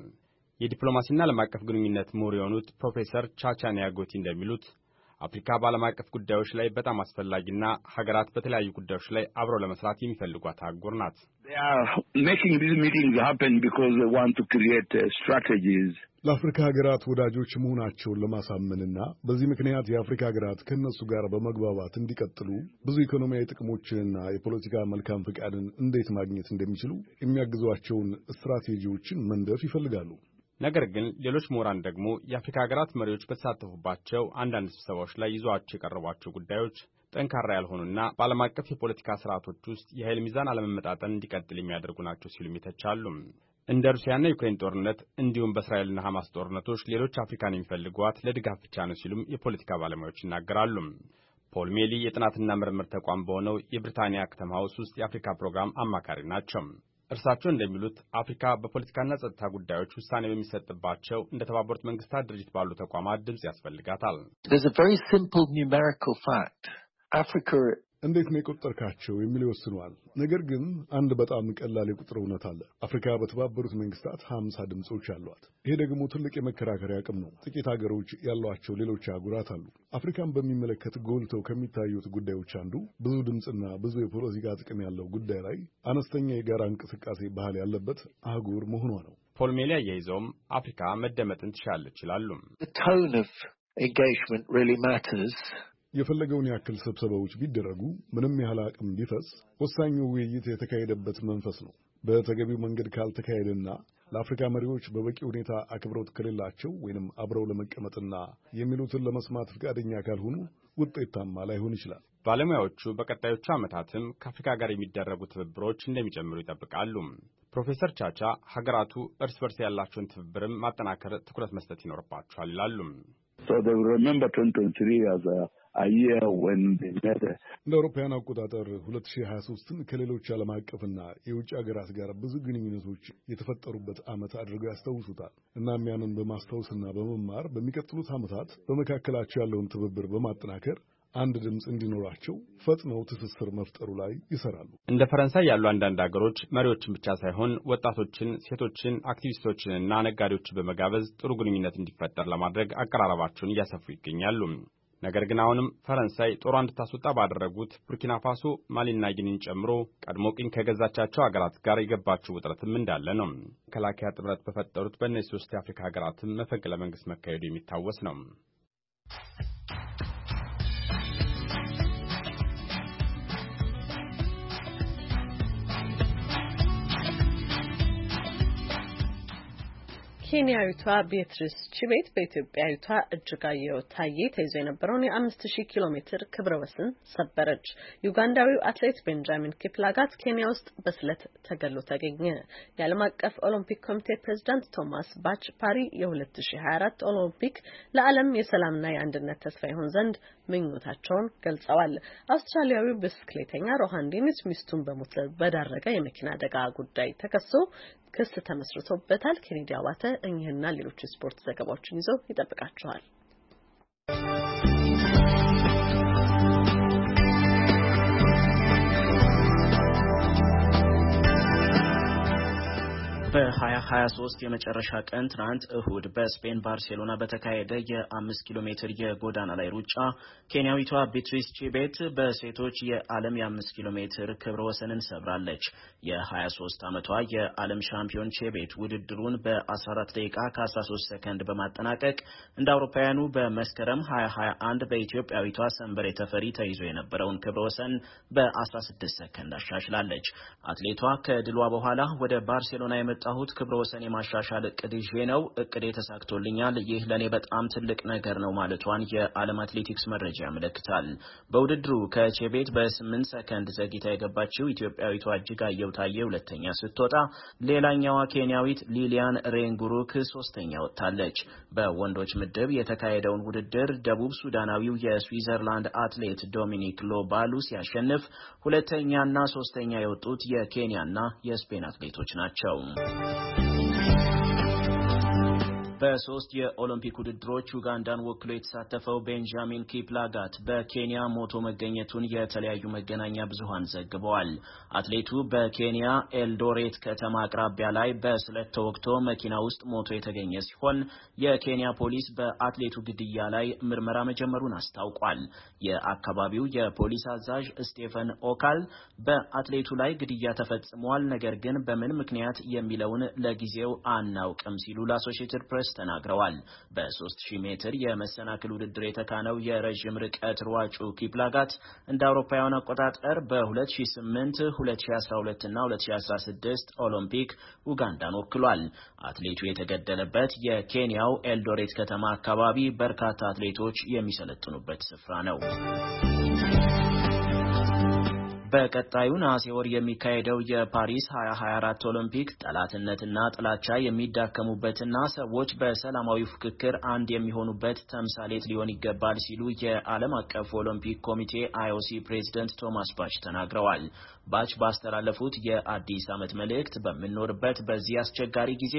M: የዲፕሎማሲና ዓለም አቀፍ ግንኙነት ምሁር የሆኑት ፕሮፌሰር ቻቻ ኒያጎቲ እንደሚሉት አፍሪካ በዓለም አቀፍ ጉዳዮች ላይ በጣም አስፈላጊና ሀገራት በተለያዩ ጉዳዮች ላይ አብረው ለመስራት የሚፈልጓት አህጉር ናት።
N: ለአፍሪካ ሀገራት ወዳጆች መሆናቸውን ለማሳመንና በዚህ ምክንያት የአፍሪካ ሀገራት ከእነሱ ጋር በመግባባት እንዲቀጥሉ ብዙ ኢኮኖሚያዊ ጥቅሞችንና የፖለቲካ መልካም ፈቃድን እንዴት ማግኘት እንደሚችሉ የሚያግዟቸውን ስትራቴጂዎችን መንደፍ ይፈልጋሉ።
M: ነገር ግን ሌሎች ምሁራን ደግሞ የአፍሪካ ሀገራት መሪዎች በተሳተፉባቸው አንዳንድ ስብሰባዎች ላይ ይዟቸው የቀረቧቸው ጉዳዮች ጠንካራ ያልሆኑና በዓለም አቀፍ የፖለቲካ ስርዓቶች ውስጥ የኃይል ሚዛን አለመመጣጠን እንዲቀጥል የሚያደርጉ ናቸው ሲሉም ይተቻሉም። እንደ ሩሲያና ዩክሬን ጦርነት እንዲሁም በእስራኤልና ሐማስ ጦርነቶች ሌሎች አፍሪካን የሚፈልጓት ለድጋፍ ብቻ ነው ሲሉም የፖለቲካ ባለሙያዎች ይናገራሉ። ፖል ሜሊ የጥናትና ምርምር ተቋም በሆነው የብሪታንያ ከተማ ውስጥ ውስጥ የአፍሪካ ፕሮግራም አማካሪ ናቸው። እርሳቸው እንደሚሉት አፍሪካ በፖለቲካና ጸጥታ ጉዳዮች ውሳኔ በሚሰጥባቸው እንደ ተባበሩት መንግስታት ድርጅት ባሉ ተቋማት ድምፅ ያስፈልጋታል።
N: እንዴት ነው የቆጠርካቸው የሚል ይወስነዋል። ነገር ግን አንድ በጣም ቀላል የቁጥር እውነት አለ። አፍሪካ በተባበሩት መንግስታት ሀምሳ ድምፆች አሏት። ይሄ ደግሞ ትልቅ የመከራከሪያ አቅም ነው። ጥቂት ሀገሮች ያሏቸው ሌሎች አህጉራት አሉ። አፍሪካን በሚመለከት ጎልተው ከሚታዩት ጉዳዮች አንዱ ብዙ ድምፅና ብዙ የፖለቲካ ጥቅም ያለው ጉዳይ ላይ አነስተኛ የጋራ እንቅስቃሴ ባህል ያለበት አህጉር መሆኗ ነው።
M: ፖል ሜሊ አያይዘውም አፍሪካ መደመጥን
O: ትሻለች ይላሉ።
N: የፈለገውን ያክል ስብሰባዎች ቢደረጉ፣ ምንም ያህል አቅም ቢፈስ፣ ወሳኙ ውይይት የተካሄደበት መንፈስ ነው። በተገቢው መንገድ ካልተካሄደና ለአፍሪካ መሪዎች በበቂ ሁኔታ አክብሮት ከሌላቸው ወይንም አብረው ለመቀመጥና የሚሉትን ለመስማት ፈቃደኛ ካልሆኑ ውጤታማ ላይሆን ይችላል።
M: ባለሙያዎቹ በቀጣዮቹ ዓመታትም ከአፍሪካ ጋር የሚደረጉ ትብብሮች እንደሚጨምሩ ይጠብቃሉ። ፕሮፌሰር ቻቻ ሀገራቱ እርስ በርስ ያላቸውን ትብብርም ማጠናከር ትኩረት መስጠት ይኖርባቸዋል ይላሉ።
N: So they will remember 2023 as a
M: እንደ
N: አውሮፓውያን አቆጣጠር ሁለት ከሌሎች ዓለም አቀፍና የውጭ ሀገራት ጋር ብዙ ግንኙነቶች የተፈጠሩበት ዓመት አድርገው ያስታውሱታል። እናም ያንን በማስታወስና በመማር በሚቀጥሉት ዓመታት በመካከላቸው ያለውን ትብብር በማጠናከር አንድ ድምፅ እንዲኖራቸው ፈጥነው ትስስር መፍጠሩ ላይ ይሰራሉ።
M: እንደ ፈረንሳይ ያሉ አንዳንድ አገሮች መሪዎችን ብቻ ሳይሆን ወጣቶችን፣ ሴቶችን፣ አክቲቪስቶችንና ነጋዴዎችን በመጋበዝ ጥሩ ግንኙነት እንዲፈጠር ለማድረግ አቀራረባቸውን እያሰፉ ይገኛሉ። ነገር ግን አሁንም ፈረንሳይ ጦሯ እንድታስወጣ ባደረጉት ቡርኪና ፋሶ፣ ማሊና ጊኒን ጨምሮ ቀድሞ ቅኝ ከገዛቻቸው አገራት ጋር የገባችው ውጥረትም እንዳለ ነው። መከላከያ ጥምረት በፈጠሩት በእነዚህ ሶስት የአፍሪካ ሀገራትም መፈንቅለ መንግሥት መካሄዱ የሚታወስ ነው።
A: ኬንያዊቷ ቤትሪስ ቺቤት በኢትዮጵያዊቷ እጅጋየሁ ታዬ ተይዞ የነበረውን የአምስት ሺህ ኪሎ ሜትር ክብረ ወሰን ሰበረች። ዩጋንዳዊው አትሌት ቤንጃሚን ኪፕላጋት ኬንያ ውስጥ በስለት ተገሎ ተገኘ። የዓለም አቀፍ ኦሎምፒክ ኮሚቴ ፕሬዚዳንት ቶማስ ባች ፓሪ የ2024 ኦሎምፒክ ለዓለም የሰላምና የአንድነት ተስፋ ይሆን ዘንድ ምኞታቸውን ገልጸዋል። አውስትራሊያዊው ብስክሌተኛ ሮሃን ዴኒስ ሚስቱን በሞት በዳረገ የመኪና አደጋ ጉዳይ ተከሶ ክስ ተመስርቶበታል። ኬኔዲ አባተ እኚህና ሌሎች ስፖርት ዘገባዎችን ይዘው ይጠብቃችኋል።
D: በ2023 የመጨረሻ ቀን ትናንት እሁድ በስፔን ባርሴሎና በተካሄደ የአምስት ኪሎ ሜትር የጎዳና ላይ ሩጫ ኬንያዊቷ ቢትሪስ ቺቤት በሴቶች የዓለም የአምስት ኪሎ ሜትር ክብረ ወሰንን ሰብራለች። የ23 ዓመቷ የዓለም ሻምፒዮን ቺቤት ውድድሩን በ14 ደቂቃ ከ13 ሰከንድ በማጠናቀቅ እንደ አውሮፓውያኑ በመስከረም 2021 በኢትዮጵያዊቷ ሰንበሬ ተፈሪ ተይዞ የነበረውን ክብረ ወሰን በ16 ሰከንድ አሻሽላለች። አትሌቷ ከድሏ በኋላ ወደ ባርሴሎና የመ የመጣሁት ክብረ ወሰን የማሻሻል እቅድ ይዤ ነው። እቅዴ ተሳክቶልኛል። ይህ ለእኔ በጣም ትልቅ ነገር ነው ማለቷን የዓለም አትሌቲክስ መረጃ ያመለክታል። በውድድሩ ከቼቤት በስምንት ሰከንድ ዘግይታ የገባችው ኢትዮጵያዊቷ እጅጋየሁ ታዬ ሁለተኛ ስትወጣ፣ ሌላኛዋ ኬንያዊት ሊሊያን ሬንጉሩክ ሶስተኛ ወጥታለች። በወንዶች ምድብ የተካሄደውን ውድድር ደቡብ ሱዳናዊው የስዊዘርላንድ አትሌት ዶሚኒክ ሎባሉ ሲያሸንፍ ሁለተኛና ሶስተኛ የወጡት የኬንያና የስፔን አትሌቶች ናቸው። うん。በሶስት የኦሎምፒክ ውድድሮች ኡጋንዳን ወክሎ የተሳተፈው ቤንጃሚን ኪፕላጋት በኬንያ ሞቶ መገኘቱን የተለያዩ መገናኛ ብዙኃን ዘግበዋል። አትሌቱ በኬንያ ኤልዶሬት ከተማ አቅራቢያ ላይ በስለት ተወግቶ መኪና ውስጥ ሞቶ የተገኘ ሲሆን የኬንያ ፖሊስ በአትሌቱ ግድያ ላይ ምርመራ መጀመሩን አስታውቋል። የአካባቢው የፖሊስ አዛዥ ስቴፈን ኦካል በአትሌቱ ላይ ግድያ ተፈጽሟል፣ ነገር ግን በምን ምክንያት የሚለውን ለጊዜው አናውቅም ሲሉ ለአሶሺየትድ ፕሬስ ተናግረዋል። በ3000 ሜትር የመሰናክል ውድድር የተካነው የረዥም ርቀት ሯጩ ኪፕላጋት እንደ አውሮፓውያን አቆጣጠር በ2008፣ 2012 እና 2016 ኦሎምፒክ ኡጋንዳን ወክሏል። አትሌቱ የተገደለበት የኬንያው ኤልዶሬት ከተማ አካባቢ በርካታ አትሌቶች የሚሰለጥኑበት ስፍራ ነው። በቀጣዩ ነሐሴ ወር የሚካሄደው የፓሪስ 2024 ኦሎምፒክ ጠላትነትና ጥላቻ የሚዳከሙበትና ሰዎች በሰላማዊ ፍክክር አንድ የሚሆኑበት ተምሳሌት ሊሆን ይገባል ሲሉ የዓለም አቀፍ ኦሎምፒክ ኮሚቴ አይኦሲ ፕሬዝደንት ቶማስ ባች ተናግረዋል። ባች ባስተላለፉት የአዲስ ዓመት መልእክት በምንኖርበት በዚህ አስቸጋሪ ጊዜ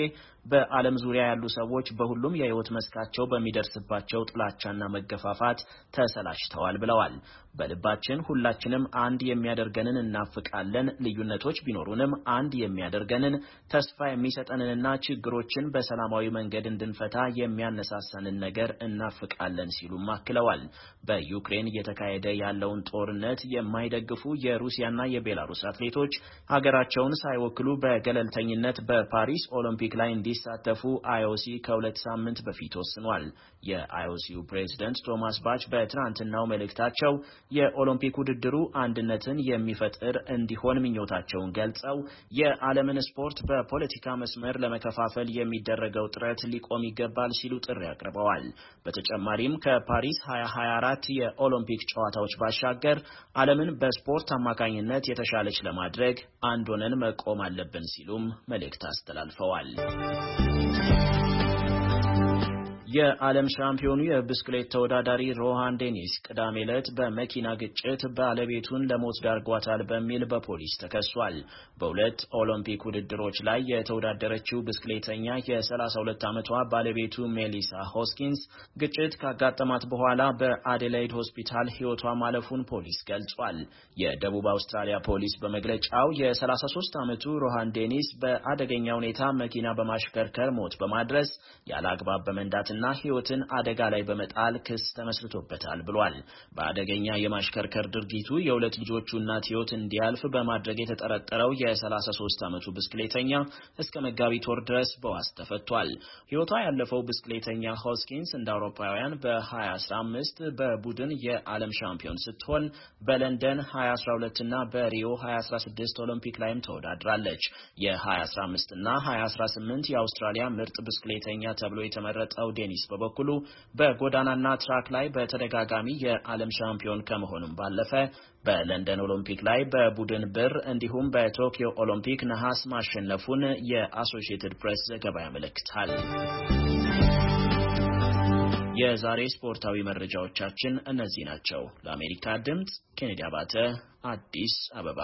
D: በዓለም ዙሪያ ያሉ ሰዎች በሁሉም የህይወት መስካቸው በሚደርስባቸው ጥላቻና መገፋፋት ተሰላችተዋል ብለዋል። በልባችን ሁላችንም አንድ የሚያደ የሚያደርገንን እናፍቃለን። ልዩነቶች ቢኖሩንም አንድ የሚያደርገንን ተስፋ የሚሰጠንንና ችግሮችን በሰላማዊ መንገድ እንድንፈታ የሚያነሳሳንን ነገር እናፍቃለን ሲሉም አክለዋል። በዩክሬን እየተካሄደ ያለውን ጦርነት የማይደግፉ የሩሲያና የቤላሩስ አትሌቶች ሀገራቸውን ሳይወክሉ በገለልተኝነት በፓሪስ ኦሎምፒክ ላይ እንዲሳተፉ አይኦሲ ከሁለት ሳምንት በፊት ወስኗል። የአይኦሲው ፕሬዝደንት ቶማስ ባች በትናንትናው መልእክታቸው የኦሎምፒክ ውድድሩ አንድነትን የሚፈጥር እንዲሆን ምኞታቸውን ገልጸው የዓለምን ስፖርት በፖለቲካ መስመር ለመከፋፈል የሚደረገው ጥረት ሊቆም ይገባል ሲሉ ጥሪ አቅርበዋል። በተጨማሪም ከፓሪስ 2024 የኦሎምፒክ ጨዋታዎች ባሻገር ዓለምን በስፖርት አማካኝነት የተሻለች ለማድረግ አንድ ሆነን መቆም አለብን ሲሉም መልእክት አስተላልፈዋል። የዓለም ሻምፒዮኑ የብስክሌት ተወዳዳሪ ሮሃን ዴኒስ ቅዳሜ ዕለት በመኪና ግጭት ባለቤቱን ለሞት ዳርጓታል በሚል በፖሊስ ተከሷል። በሁለት ኦሎምፒክ ውድድሮች ላይ የተወዳደረችው ብስክሌተኛ የ32 ዓመቷ ባለቤቱ ሜሊሳ ሆስኪንስ ግጭት ካጋጠማት በኋላ በአዴላይድ ሆስፒታል ሕይወቷ ማለፉን ፖሊስ ገልጿል። የደቡብ አውስትራሊያ ፖሊስ በመግለጫው የ33 ዓመቱ ሮሃን ዴኒስ በአደገኛ ሁኔታ መኪና በማሽከርከር ሞት በማድረስ ያለ አግባብ በመንዳትና ንብረትና ሕይወትን አደጋ ላይ በመጣል ክስ ተመስርቶበታል ብሏል። በአደገኛ የማሽከርከር ድርጊቱ የሁለት ልጆቹ እናት ሕይወት እንዲያልፍ በማድረግ የተጠረጠረው የ33 ዓመቱ ብስክሌተኛ እስከ መጋቢት ወር ድረስ በዋስ ተፈቷል። ሕይወቷ ያለፈው ብስክሌተኛ ሆስኪንስ እንደ አውሮፓውያን በ2015 በቡድን የዓለም ሻምፒዮን ስትሆን በለንደን 2012 እና በሪዮ 2016 ኦሎምፒክ ላይም ተወዳድራለች። የ2015 እና 2018 የአውስትራሊያ ምርጥ ብስክሌተኛ ተብሎ የተመረጠው ዴኒ ቴኒስ በበኩሉ በጎዳናና ትራክ ላይ በተደጋጋሚ የዓለም ሻምፒዮን ከመሆኑም ባለፈ በለንደን ኦሎምፒክ ላይ በቡድን ብር እንዲሁም በቶኪዮ ኦሎምፒክ ነሐስ ማሸነፉን የአሶሺየትድ ፕሬስ ዘገባ ያመለክታል። የዛሬ ስፖርታዊ መረጃዎቻችን እነዚህ ናቸው። ለአሜሪካ ድምፅ ኬኔዲ አባተ፣ አዲስ አበባ።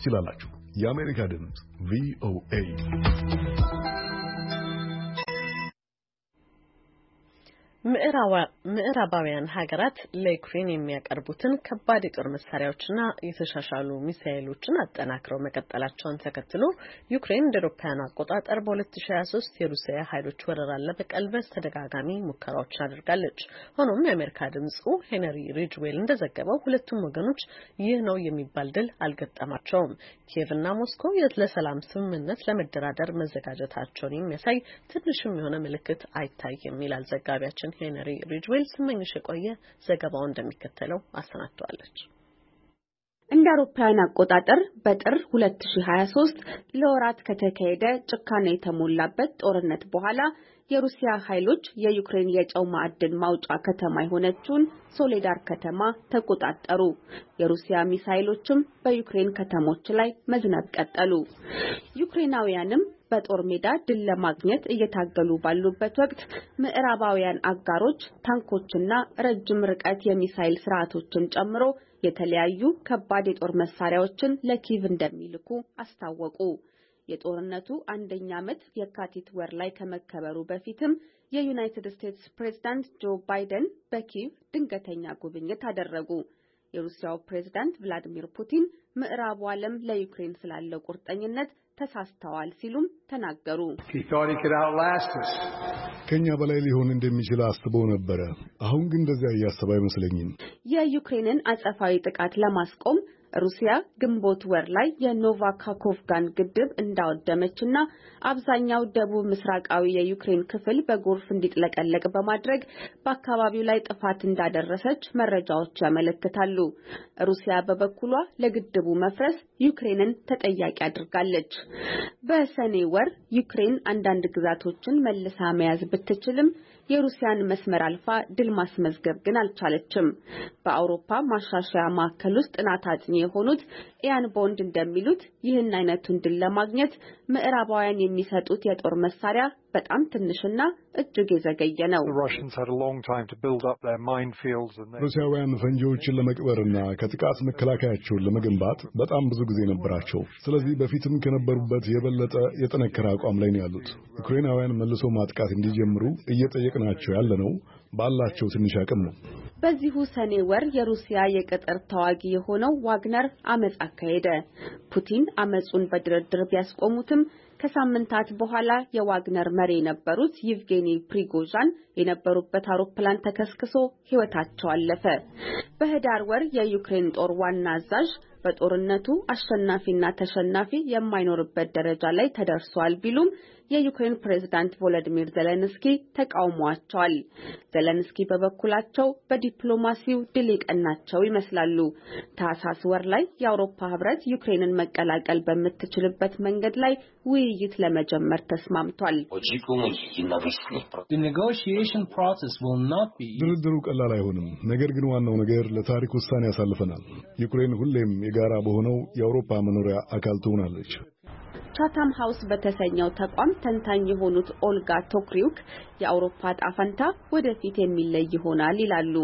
N: ትችላላችሁ። የአሜሪካ ድምፅ ቪኦኤ
A: ምዕራባውያን ሀገራት ለዩክሬን የሚያቀርቡትን ከባድ የጦር መሳሪያዎችና የተሻሻሉ ሚሳይሎችን አጠናክረው መቀጠላቸውን ተከትሎ ዩክሬን እንደ አውሮፓውያን አቆጣጠር በ2023 የሩሲያ ኃይሎች ወረራን ለመቀልበስ ተደጋጋሚ ሙከራዎችን አድርጋለች። ሆኖም የአሜሪካ ድምፁ ሄነሪ ሪጅዌል እንደዘገበው ሁለቱም ወገኖች ይህ ነው የሚባል ድል አልገጠማቸውም። ኪየቭና ሞስኮ ለሰላም ስምምነት ለመደራደር መዘጋጀታቸውን የሚያሳይ ትንሽም የሆነ ምልክት አይታይም ይላል ዘጋቢያችን ዊሊያም ሄነሪ ሪጅዌል ስመኝሽ የቆየ ዘገባው እንደሚከተለው አሰናድተዋለች።
C: እንደ አውሮፓውያን አቆጣጠር በጥር 2023 ለወራት ከተካሄደ ጭካኔ የተሞላበት ጦርነት በኋላ የሩሲያ ኃይሎች የዩክሬን የጨው ማዕድን ማውጫ ከተማ የሆነችውን ሶሌዳር ከተማ ተቆጣጠሩ። የሩሲያ ሚሳይሎችም በዩክሬን ከተሞች ላይ መዝነብ ቀጠሉ። ዩክሬናውያንም በጦር ሜዳ ድል ለማግኘት እየታገሉ ባሉበት ወቅት ምዕራባውያን አጋሮች ታንኮችና ረጅም ርቀት የሚሳይል ስርዓቶችን ጨምሮ የተለያዩ ከባድ የጦር መሳሪያዎችን ለኪቭ እንደሚልኩ አስታወቁ። የጦርነቱ አንደኛ ዓመት የካቲት ወር ላይ ከመከበሩ በፊትም የዩናይትድ ስቴትስ ፕሬዝዳንት ጆ ባይደን በኪቭ ድንገተኛ ጉብኝት አደረጉ። የሩሲያው ፕሬዝዳንት ቭላዲሚር ፑቲን ምዕራቡ ዓለም ለዩክሬን ስላለው ቁርጠኝነት ተሳስተዋል ሲሉም ተናገሩ።
N: ከኛ በላይ ሊሆን እንደሚችል አስበው ነበረ። አሁን ግን እንደዚያ እያሰበ አይመስለኝም።
C: የዩክሬንን አጸፋዊ ጥቃት ለማስቆም ሩሲያ ግንቦት ወር ላይ የኖቫካኮቭጋን ግድብ እንዳወደመች እና አብዛኛው ደቡብ ምስራቃዊ የዩክሬን ክፍል በጎርፍ እንዲጥለቀለቅ በማድረግ በአካባቢው ላይ ጥፋት እንዳደረሰች መረጃዎች ያመለክታሉ። ሩሲያ በበኩሏ ለግድቡ መፍረስ ዩክሬንን ተጠያቂ አድርጋለች። በሰኔ ወር ዩክሬን አንዳንድ ግዛቶችን መልሳ መያዝ ብትችልም የሩሲያን መስመር አልፋ ድል ማስመዝገብ ግን አልቻለችም። በአውሮፓ ማሻሻያ ማዕከል ውስጥ ጥናት አጥኚ የሆኑት ኢያን ቦንድ እንደሚሉት ይህን አይነቱን ድል ለማግኘት ምዕራባውያን የሚሰጡት የጦር መሳሪያ በጣም ትንሽና እጅግ የዘገየ ነው።
N: ሩሲያውያን ፈንጂዎችን ለመቅበርና ከጥቃት መከላከያቸውን ለመገንባት በጣም ብዙ ጊዜ ነበራቸው። ስለዚህ በፊትም ከነበሩበት የበለጠ የጠነከረ አቋም ላይ ነው ያሉት። ዩክሬናውያን መልሶ ማጥቃት እንዲጀምሩ እየጠየቅናቸው ያለነው ባላቸው ትንሽ አቅም ነው።
C: በዚሁ ሰኔ ወር የሩሲያ የቅጥር ተዋጊ የሆነው ዋግነር አመፅ አካሄደ። ፑቲን አመፁን በድርድር ቢያስቆሙትም ከሳምንታት በኋላ የዋግነር መሪ የነበሩት ይቭጌኒ ፕሪጎዣን የነበሩበት አውሮፕላን ተከስክሶ ሕይወታቸው አለፈ። በህዳር ወር የዩክሬን ጦር ዋና አዛዥ በጦርነቱ አሸናፊና ተሸናፊ የማይኖርበት ደረጃ ላይ ተደርሷል ቢሉም የዩክሬን ፕሬዝዳንት ቮሎዲሚር ዘለንስኪ ተቃውሟቸዋል። ዘለንስኪ በበኩላቸው በዲፕሎማሲው ድል የቀናቸው ይመስላሉ። ታህሳስ ወር ላይ የአውሮፓ ህብረት ዩክሬንን መቀላቀል በምትችልበት መንገድ ላይ ውይይት ለመጀመር ተስማምቷል።
N: ድርድሩ ቀላል አይሆንም። ነገር ግን ዋናው ነገር ለታሪክ ውሳኔ ያሳልፈናል። ዩክሬን ሁሌም የጋራ በሆነው የአውሮፓ መኖሪያ አካል ትሆናለች።
C: ቻታም ሀውስ በተሰኘው ተቋም ተንታኝ የሆኑት ኦልጋ ቶክሪውክ የአውሮፓ ጣፋንታ ፈንታ ወደፊት የሚለይ ይሆናል ይላሉ።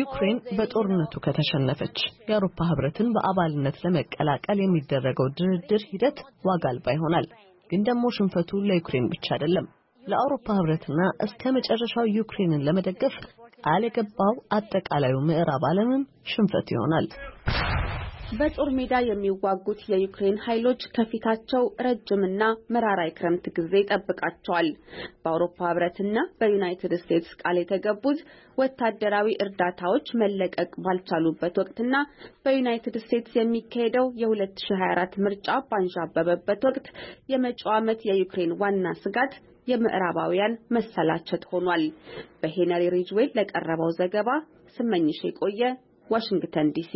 C: ዩክሬን በጦርነቱ
A: ከተሸነፈች የአውሮፓ ህብረትን በአባልነት ለመቀላቀል የሚደረገው ድርድር ሂደት ዋጋ አልባ ይሆናል። ግን ደግሞ ሽንፈቱ ለዩክሬን ብቻ አይደለም፣ ለአውሮፓ ህብረትና እስከ መጨረሻው ዩክሬንን ለመደገፍ አለገባው አጠቃላዩ ምዕራብ ዓለምም ሽንፈት ይሆናል።
C: በጦር ሜዳ የሚዋጉት የዩክሬን ኃይሎች ከፊታቸው ረጅምና መራራ የክረምት ጊዜ ይጠብቃቸዋል። በአውሮፓ ህብረትና በዩናይትድ ስቴትስ ቃል የተገቡት ወታደራዊ እርዳታዎች መለቀቅ ባልቻሉበት ወቅትና በዩናይትድ ስቴትስ የሚካሄደው የ2024 ምርጫ ባንዣበበበት ወቅት የመጪው ዓመት የዩክሬን ዋና ስጋት የምዕራባውያን መሰላቸት ሆኗል። በሄነሪ ሪጅዌል ለቀረበው ዘገባ ስመኝሽ የቆየ ዋሽንግተን ዲሲ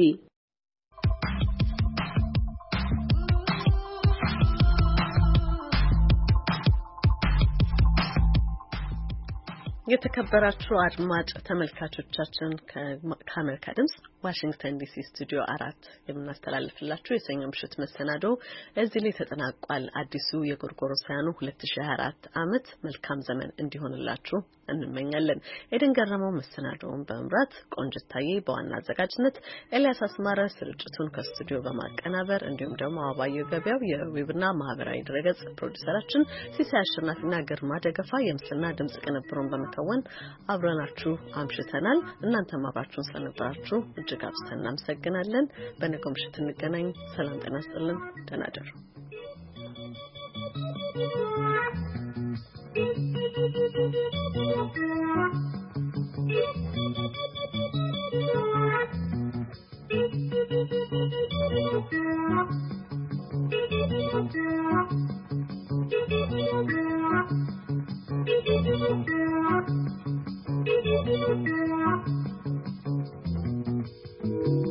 A: የተከበራችሁ አድማጭ ተመልካቾቻችን ከአሜሪካ ድምጽ ዋሽንግተን ዲሲ ስቱዲዮ አራት የምናስተላልፍላችሁ የሰኞ ምሽት መሰናዶ እዚህ ላይ ተጠናቋል። አዲሱ የጎርጎሮሳያኑ 2024 ዓመት መልካም ዘመን እንዲሆንላችሁ እንመኛለን። ኤደን ገረመው መሰናዶውን በመምራት ቆንጅታዬ በዋና አዘጋጅነት፣ ኤልያስ አስማረ ስርጭቱን ከስቱዲዮ በማቀናበር እንዲሁም ደግሞ አበባየሁ ገበያው የዌብና ማህበራዊ ድረገጽ ፕሮዲሰራችን፣ ሲሳይ አሸናፊና ግርማ ደገፋ የምስልና ድምጽ ቅንብሩን በመከወን አብረናችሁ አምሽተናል። እናንተም አብራችሁን ስለነበራችሁ እጅግ እጅግ አብዝተን እናመሰግናለን። በነገው ምሽት እንገናኝ። ሰላም ጤና ይስጥልን። ደህና እደሩ።
O: Thank you.